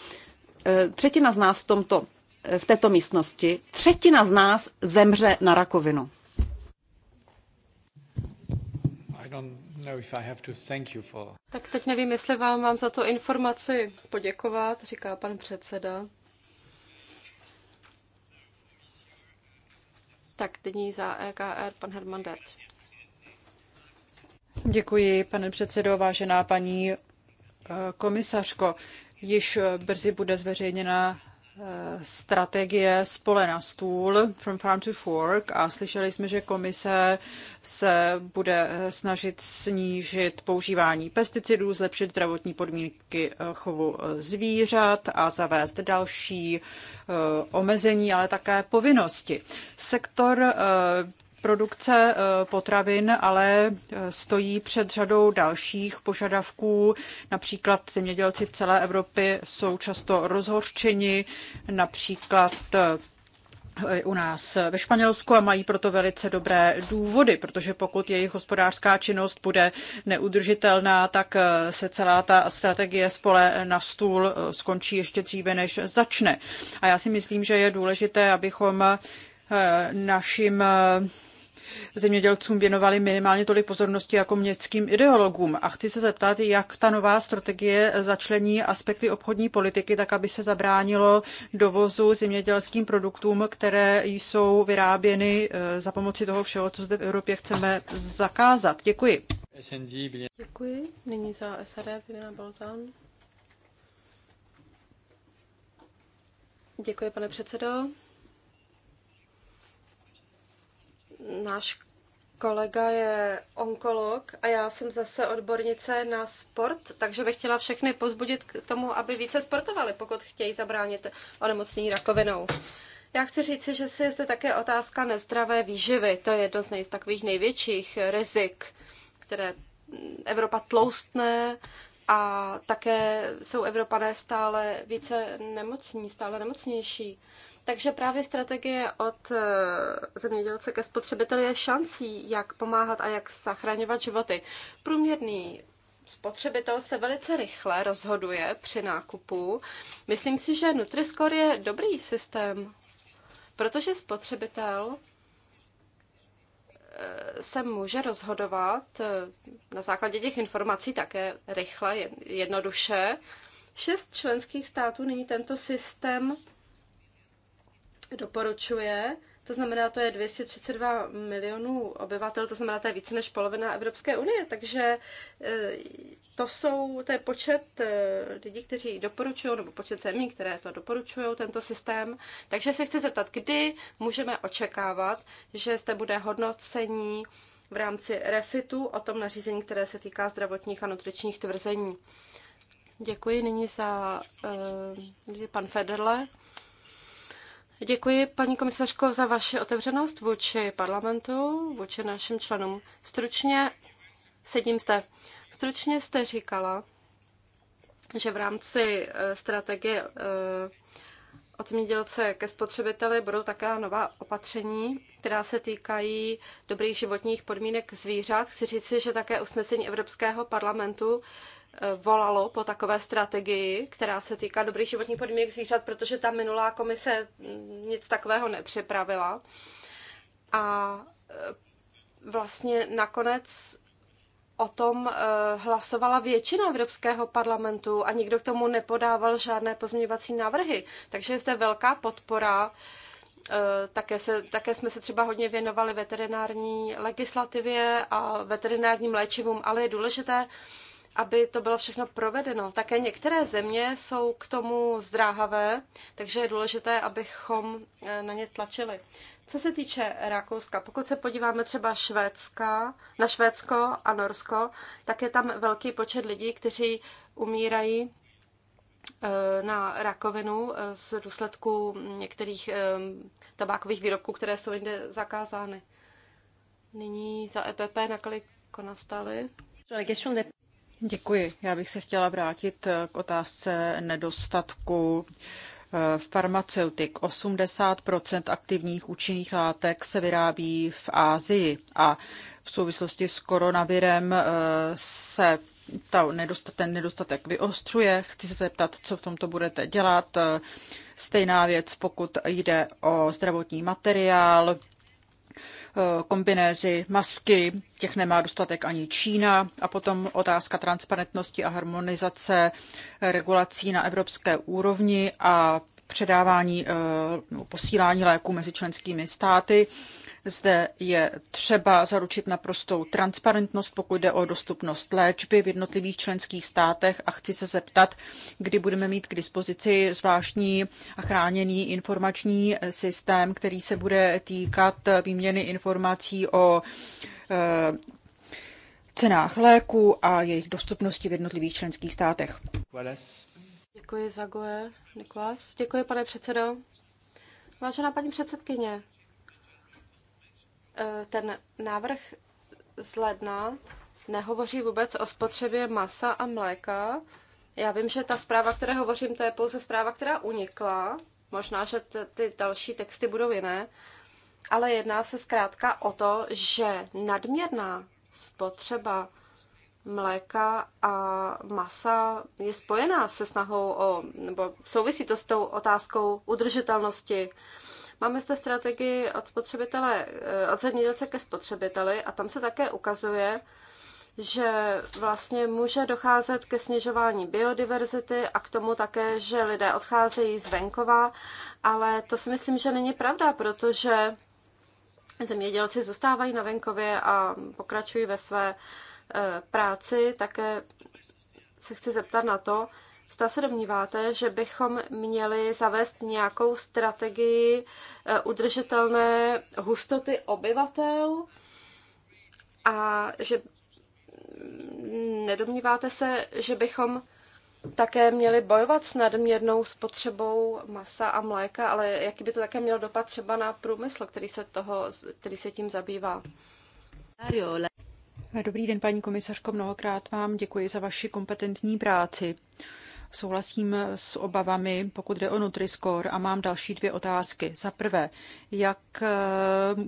eh, třetina z nás v tomto eh, v této místnosti, třetina z nás zemře na rakovinu. Tak teď nevím, jestli vám mám za to informaci poděkovat, říká pan předseda. Tak nyní za EKR pan Herman Derč. Děkuji, pane předsedo, vážená paní eh, komisařko. Již brzy bude zveřejněna Eh, strategie pole na stůl, from farm to fork, a slyšeli jsme, že komise se bude eh, snažit snížit používání pesticidů, zlepšit zdravotní podmínky eh, chovu zvířat a zavést další omezení, ale také povinnosti. Sektor produkce eh, potravin ale eh, stojí před řadou dalších požadavků. Například zemědělci v celé Evropě jsou často rozhorčeni, například eh, u nás ve Španělsku a mají proto velice dobré důvody, protože pokud jejich hospodářská činnost bude neudržitelná, tak se celá ta strategie spole na stůl skončí ještě dříve, než začne. A já si myslím, že je důležité, abychom našim zemědělcům věnovali minimálně tolik pozornosti jako městským ideologům. A chci se zeptat, jak ta nová strategie začlení aspekty obchodní politiky, tak aby se zabránilo dovozu zemědělským produktům, které jsou vyráběny eh, za pomoci toho všeho, co zde v Evropě chceme zakázat. Děkuji. Děkuji. Nyní za SAD Viviana Balzán. Děkuji, pane předsedo. Náš kolega je onkolog a já jsem zase odbornice na sport, takže bych chtěla všechny pozbudit k tomu, aby více sportovali, pokud chtějí zabránit onemocnění rakovinou. Já chci říci, že si je zde také otázka nezdravé výživy. To je jedno z nej, takových největších rizik, které Evropa tloustne a také jsou Evropané stále více nemocní, stále nemocnější. Takže právě strategie od eh, zemědělce ke spotřebiteli je šancí, jak pomáhat a jak zachraňovat životy. Průměrný spotřebitel se velice rychle rozhoduje při nákupu. Myslím si, že Nutriscore je dobrý systém, protože spotřebitel eh, se může rozhodovat eh, na základě těch informací také rychle, jednoduše. Šest členských států nyní tento systém doporučuje, to znamená, to je 232 milionů obyvatel, to znamená, to je více než polovina Evropské unie, takže eh, to, jsou, to je počet eh, lidí, kteří doporučují, nebo počet zemí, které to doporučují, tento systém. Takže se chci zeptat, kdy můžeme očekávat, že zde bude hodnocení v rámci refitu o tom nařízení, které se týká zdravotních a nutričních tvrzení. Děkuji nyní za uh, pan Federle. Děkuji, paní komisařko, za vaši otevřenost vůči parlamentu, vůči našim členům. Stručně, sedím zde, stručně jste říkala, že v rámci eh, strategie eh, od zemědělce ke spotřebiteli budou také nová opatření, která se týkají dobrých životních podmínek zvířat. Chci říci, že také usnesení Evropského parlamentu Eh, volalo po takové strategii, která se týká dobrých životních podmínek zvířat, protože ta minulá komise mm, nic takového nepřipravila. A eh, vlastně nakonec o tom eh, hlasovala většina Evropského parlamentu a nikdo k tomu nepodával žádné pozměňovací návrhy. Takže je zde velká podpora. Také, se, také jsme se třeba hodně věnovali veterinární legislativě a veterinárním léčivům, ale je důležité, aby to bylo všechno provedeno. Také některé země jsou k tomu zdráhavé, takže je důležité, abychom eh, na ně tlačili. Co se týče Rakouska, pokud se podíváme třeba Švédska, na Švédsko a Norsko, tak je tam velký počet lidí, kteří umírají eh, na rakovinu eh, z důsledku některých tabákových výrobků, které jsou jinde zakázány. Nyní za EPP, nakolik konastaly. Děkuji. Já bych se chtěla vrátit eh, k otázce nedostatku eh, farmaceutik. 80 aktivních účinných látek se vyrábí v Ázii a v souvislosti s koronavirem eh, se ta nedostat, ten nedostatek vyostřuje. Chci se zeptat, co v tomto budete dělat. Stejná věc, pokud jde o zdravotní materiál, Eh, kombinézy, masky, těch nemá dostatek ani Čína. A potom otázka transparentnosti a harmonizace regulací na evropské úrovni a předávání, eh, posílání léků mezi členskými státy. Zde je třeba zaručit naprostou transparentnost, pokud jde o dostupnost léčby v jednotlivých členských státech a chci se zeptat, kdy budeme mít k dispozici zvláštní a chráněný informační systém, který se bude týkat výměny informací o eh, cenách léku a jejich dostupnosti v jednotlivých členských státech. Děkuji, Zagoje. Nikolas. Děkuji, pane předsedo. Vážená paní předsedkyně, Eh, ten návrh z ledna nehovoří vůbec o spotřebě masa a mléka. Já vím, že ta zpráva, které hovořím, to je pouze zpráva, která unikla. Možná, že ty další texty budou jiné. Ale jedná se zkrátka o to, že nadměrná spotřeba mléka a masa je spojená se snahou o, nebo souvisí to s tou otázkou udržitelnosti Máme zde strategii od, spotřebitele, eh, od zemědělce ke spotřebiteli a tam se také ukazuje, že vlastně může docházet ke snižování biodiverzity a k tomu také, že lidé odcházejí z venkova, ale to si myslím, že není pravda, protože zemědělci zůstávají na venkově a pokračují ve své eh, práci. Také se chci zeptat na to, Zda se domníváte, že bychom měli zavést nějakou strategii eh, udržitelné hustoty obyvatel a že mm, nedomníváte se, že bychom také měli bojovat s nadměrnou spotřebou masa a mléka, ale jaký by to také mělo dopad třeba na průmysl, který se, toho, který se tím zabývá? Dobrý den, paní komisařko, mnohokrát vám děkuji za vaši kompetentní práci. Souhlasím s obavami, pokud jde o Nutriscore a mám další dvě otázky. Za prvé, jak eh,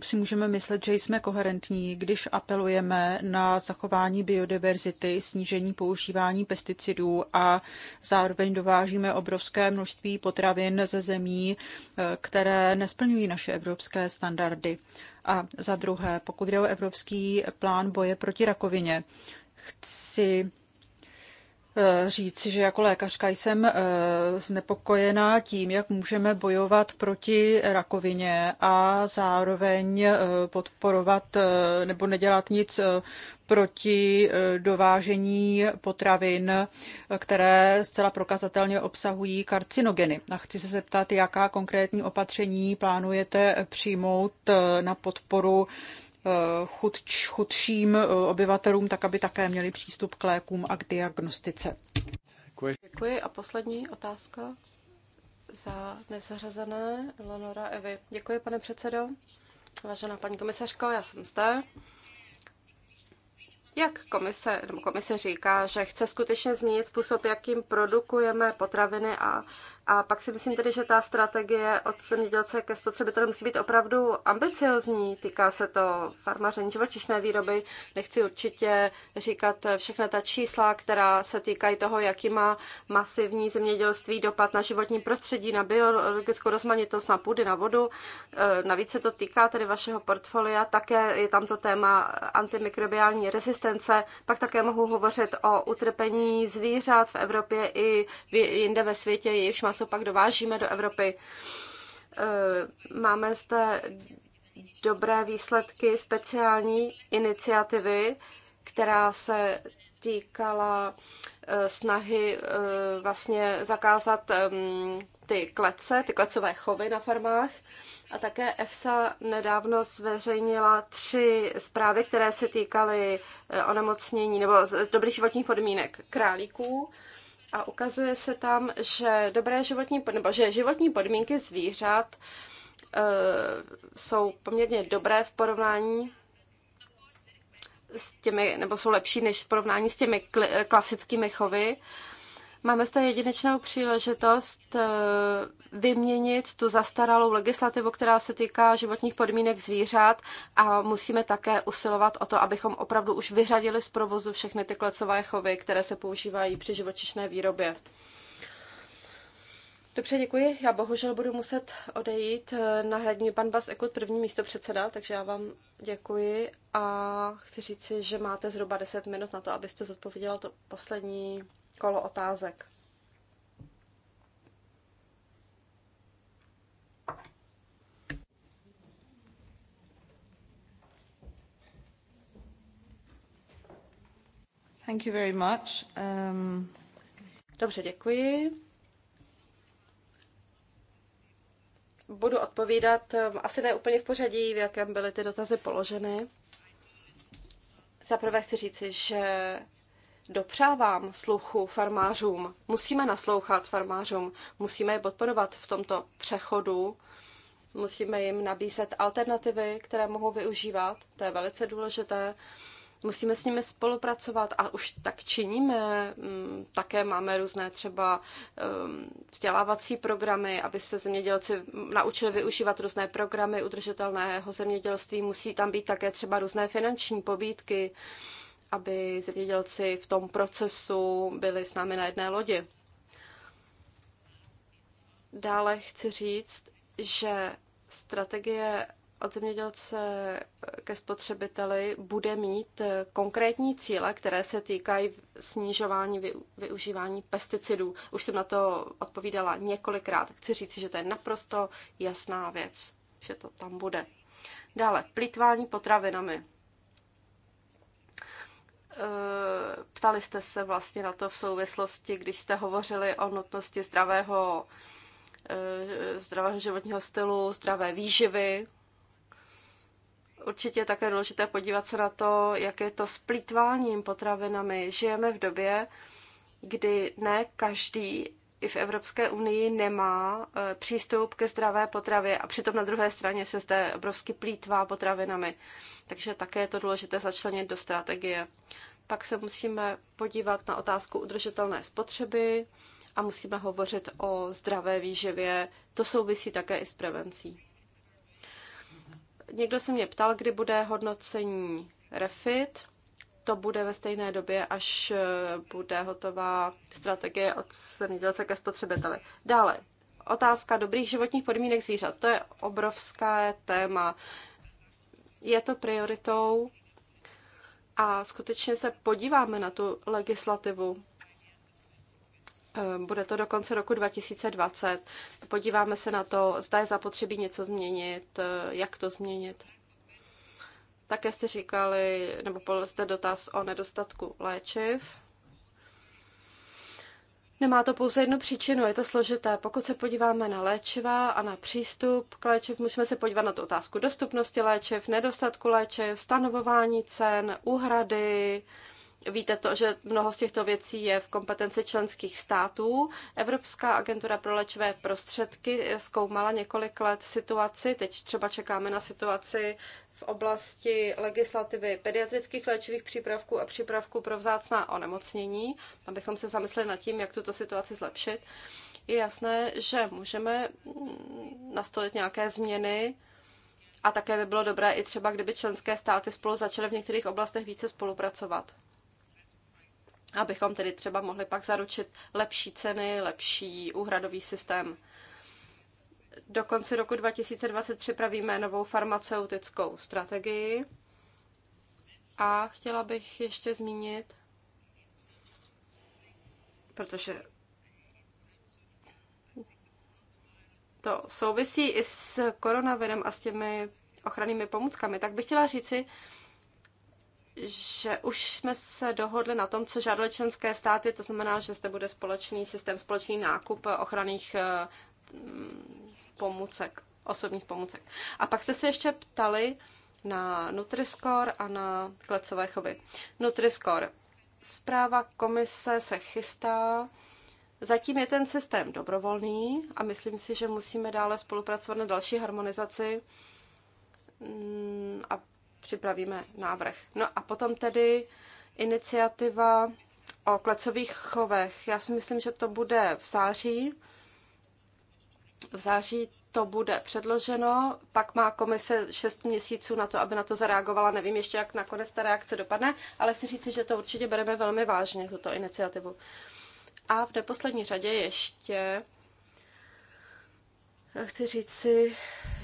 si můžeme myslet, že jsme koherentní, když apelujeme na zachování biodiverzity, snížení používání pesticidů a zároveň dovážíme obrovské množství potravin ze zemí, eh, které nesplňují naše evropské standardy. A za druhé, pokud jde o evropský plán boje proti rakovině, chci Eh, říci, že jako lékařka jsem eh, znepokojená tím, jak můžeme bojovat proti rakovině a zároveň eh, podporovat nebo nedělat nic proti dovážení potravin, které zcela prokazatelně obsahují karcinogeny. A chci se zeptat, jaká konkrétní opatření plánujete přijmout na podporu Eh, chud, chudším eh, obyvatelům, tak aby také měli přístup k lékům a k diagnostice. Děkuji. Děkuji. A poslední otázka za nezařazené Lenora Evy. Děkuji, pane předsedo. Vážená paní komisařko, já jsem zde. Jak komise, nebo komise říká, že chce skutečně změnit způsob, jakým produkujeme potraviny a a pak si myslím tedy, že ta strategie od zemědělce ke spotřebitelům musí být opravdu ambiciozní. Týká se to farmaření živočišné výroby. Nechci určitě říkat všechna ta čísla, která se týkají toho, jaký má masivní zemědělství dopad na životní prostředí, na biologickou rozmanitost, na půdy, na vodu. E, navíc se to týká tedy vašeho portfolia. Také je tam to téma antimikrobiální rezistence. Pak také mohu hovořit o utrpení zvířat v Evropě i jinde ve světě, jejichž má maso pak dovážíme do Evropy. E, máme zde dobré výsledky speciální iniciativy, která se týkala e, snahy e, vlastně zakázat ty klece, ty klecové chovy na farmách. A také EFSA nedávno zveřejnila tři zprávy, které se týkaly onemocnění nebo dobrých životních podmínek králíků a ukazuje se tam, že dobré životní, nebo že životní podmínky zvířat eh, jsou poměrně dobré v porovnání s těmi, nebo jsou lepší než v porovnání s těmi klasickými chovy. Máme zde jedinečnou příležitost eh, vyměnit tu zastaralou legislativu, která se týká životních podmínek zvířat a musíme také usilovat o to, abychom opravdu už vyřadili z provozu všechny ty klecové chovy, které se používají při živočišné výrobě. Dobře, děkuji. Já bohužel budu muset odejít. Eh, Nahradní pan Bas Ekut, první místo předseda, takže já vám děkuji a chci říci, že máte zhruba 10 minut na to, abyste zodpověděla to poslední kolo otázek. Thank you very much. Um... Dobře, děkuji. Budu odpovídat um, asi ne úplně v pořadí, v jakém byly ty dotazy položeny. Za prvé chci říci, že dopřávám sluchu farmářům. Musíme naslouchat farmářům, musíme je podporovat v tomto přechodu, musíme jim nabízet alternativy, které mohou využívat, to je velice důležité. Musíme s nimi spolupracovat a už tak činíme. Mm, také máme různé třeba mm, vzdělávací programy, aby se zemědělci naučili využívat různé programy udržitelného zemědělství. Musí tam být také třeba různé finanční pobídky, aby zemědělci v tom procesu byli s námi na jedné lodi. Dále chci říct, že strategie od zemědělce ke spotřebiteli bude mít konkrétní cíle, které se týkají snižování využívání pesticidů. Už jsem na to odpovídala několikrát. Chci říct, že to je naprosto jasná věc, že to tam bude. Dále, plítvání potravinami. Eh, ptali jste se vlastně na to v souvislosti, když jste hovořili o nutnosti zdravého, eh, zdravého životního stylu, zdravé výživy. Určitě je také důležité podívat se na to, jak je to s plítváním potravinami. Žijeme v době, kdy ne každý i v Evropské unii nemá eh, přístup ke zdravé potravě a přitom na druhé straně se zde obrovsky plítvá potravinami. Takže také je to důležité začlenit do strategie. Pak se musíme podívat na otázku udržitelné spotřeby a musíme hovořit o zdravé výživě. To souvisí také i s prevencí. Někdo se mě ptal, kdy bude hodnocení refit to bude ve stejné době, až eh, bude hotová strategie od zemědělce ke spotřebiteli. Dále, otázka dobrých životních podmínek zvířat. To je obrovské téma. Je to prioritou a skutečně se podíváme na tu legislativu. Eh, bude to do konce roku 2020. Podíváme se na to, zda je zapotřebí něco změnit, eh, jak to změnit. Také jste říkali, nebo položili jste dotaz o nedostatku léčiv. Nemá to pouze jednu příčinu, je to složité. Pokud se podíváme na léčiva a na přístup k léčiv, musíme se podívat na tu otázku dostupnosti léčiv, nedostatku léčiv, stanovování cen, úhrady, Víte to, že mnoho z těchto věcí je v kompetenci členských států. Evropská agentura pro léčivé prostředky zkoumala několik let situaci. Teď třeba čekáme na situaci v oblasti legislativy pediatrických léčivých přípravků a přípravků pro vzácná onemocnění, abychom se zamysleli nad tím, jak tuto situaci zlepšit. Je jasné, že můžeme nastolit nějaké změny, a také by bylo dobré i třeba, kdyby členské státy spolu začaly v některých oblastech více spolupracovat abychom tedy třeba mohli pak zaručit lepší ceny, lepší úhradový systém. Do konce roku 2020 připravíme novou farmaceutickou strategii a chtěla bych ještě zmínit, protože to souvisí i s koronavirem a s těmi ochrannými pomůckami, tak bych chtěla říci, že už jsme se dohodli na tom, co žádaly členské státy, to znamená, že zde bude společný systém, společný nákup eh, ochranných eh, mm, pomůcek, osobních pomůcek. A pak jste se ještě ptali na Nutriscore a na klecové chovy. Nutriscore. Zpráva komise se chystá. Zatím je ten systém dobrovolný a myslím si, že musíme dále spolupracovat na další harmonizaci, mm, aby připravíme návrh. No a potom tedy iniciativa o klecových chovech. Já si myslím, že to bude v září. V září to bude předloženo, pak má komise 6 měsíců na to, aby na to zareagovala. Nevím ještě, jak nakonec ta reakce dopadne, ale chci říci, že to určitě bereme velmi vážně, tuto iniciativu. A v neposlední řadě ještě chci říci,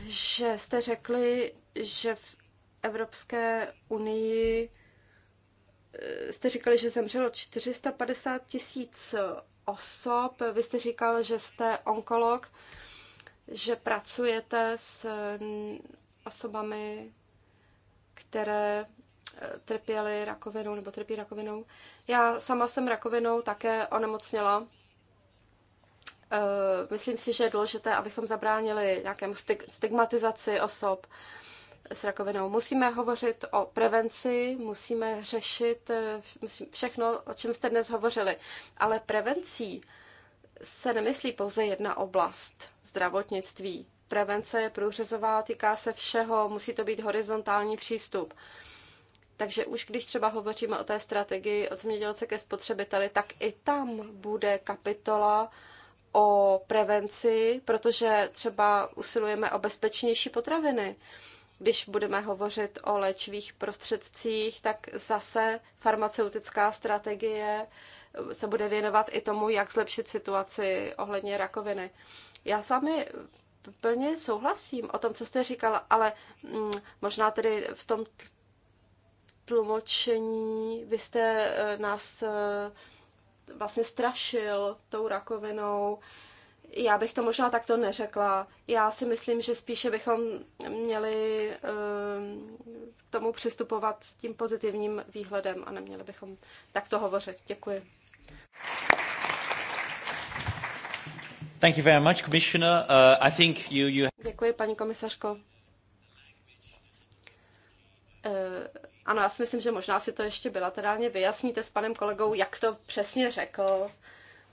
že jste řekli, že v Evropské unii eh, jste říkali, že zemřelo 450 tisíc osob. Vy jste říkal, že jste onkolog, že pracujete s mm, osobami, které eh, trpěly rakovinou nebo trpí rakovinou. Já sama jsem rakovinou také onemocněla. Eh, myslím si, že je důležité, abychom zabránili nějakému stigmatizaci osob s rakovinou. Musíme hovořit o prevenci, musíme řešit eh, všechno, o čem jste dnes hovořili. Ale prevencí se nemyslí pouze jedna oblast zdravotnictví. Prevence je průřezová, týká se všeho, musí to být horizontální přístup. Takže už když třeba hovoříme o té strategii od zemědělce ke spotřebiteli, tak i tam bude kapitola o prevenci, protože třeba usilujeme o bezpečnější potraviny když budeme hovořit o léčivých prostředcích, tak zase farmaceutická strategie se bude věnovat i tomu, jak zlepšit situaci ohledně rakoviny. Já s vámi plně souhlasím o tom, co jste říkala, ale mm, možná tedy v tom tlumočení vy jste eh, nás eh, vlastně strašil tou rakovinou. Já bych to možná takto neřekla. Já si myslím, že spíše bychom měli ehm, k tomu přistupovat s tím pozitivním výhledem a neměli bychom takto hovořit. Děkuji. Thank you very much, Commissioner. Uh, I think you, you... Děkuji, paní komisařko. Uh, ano, já si myslím, že možná si to ještě bilaterálně vyjasníte s panem kolegou, jak to přesně řekl.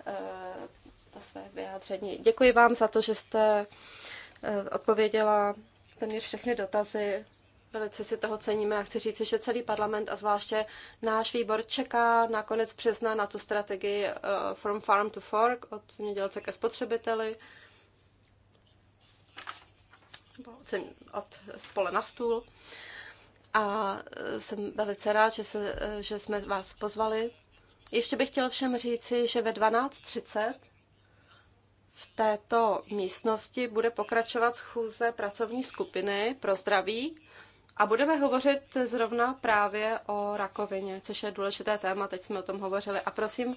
Uh, ta své vyjádření. Děkuji vám za to, že jste eh, odpověděla téměř všechny dotazy. Velice si toho ceníme a chci říct, že celý parlament a zvláště náš výbor čeká na konec března na tu strategii eh, From Farm to Fork od zemědělce ke spotřebiteli od spole na stůl. A eh, jsem velice rád, že, se, že jsme vás pozvali. Ještě bych chtěla všem říci, že ve 12.30 v této místnosti bude pokračovat schůze pracovní skupiny pro zdraví a budeme hovořit zrovna právě o rakovině, což je důležité téma, teď jsme o tom hovořili. A prosím,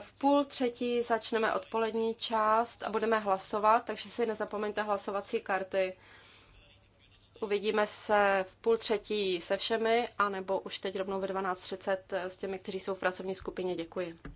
v půl třetí začneme odpolední část a budeme hlasovat, takže si nezapomeňte hlasovací karty. Uvidíme se v půl třetí se všemi, anebo už teď rovnou ve 12.30 s těmi, kteří jsou v pracovní skupině. Děkuji.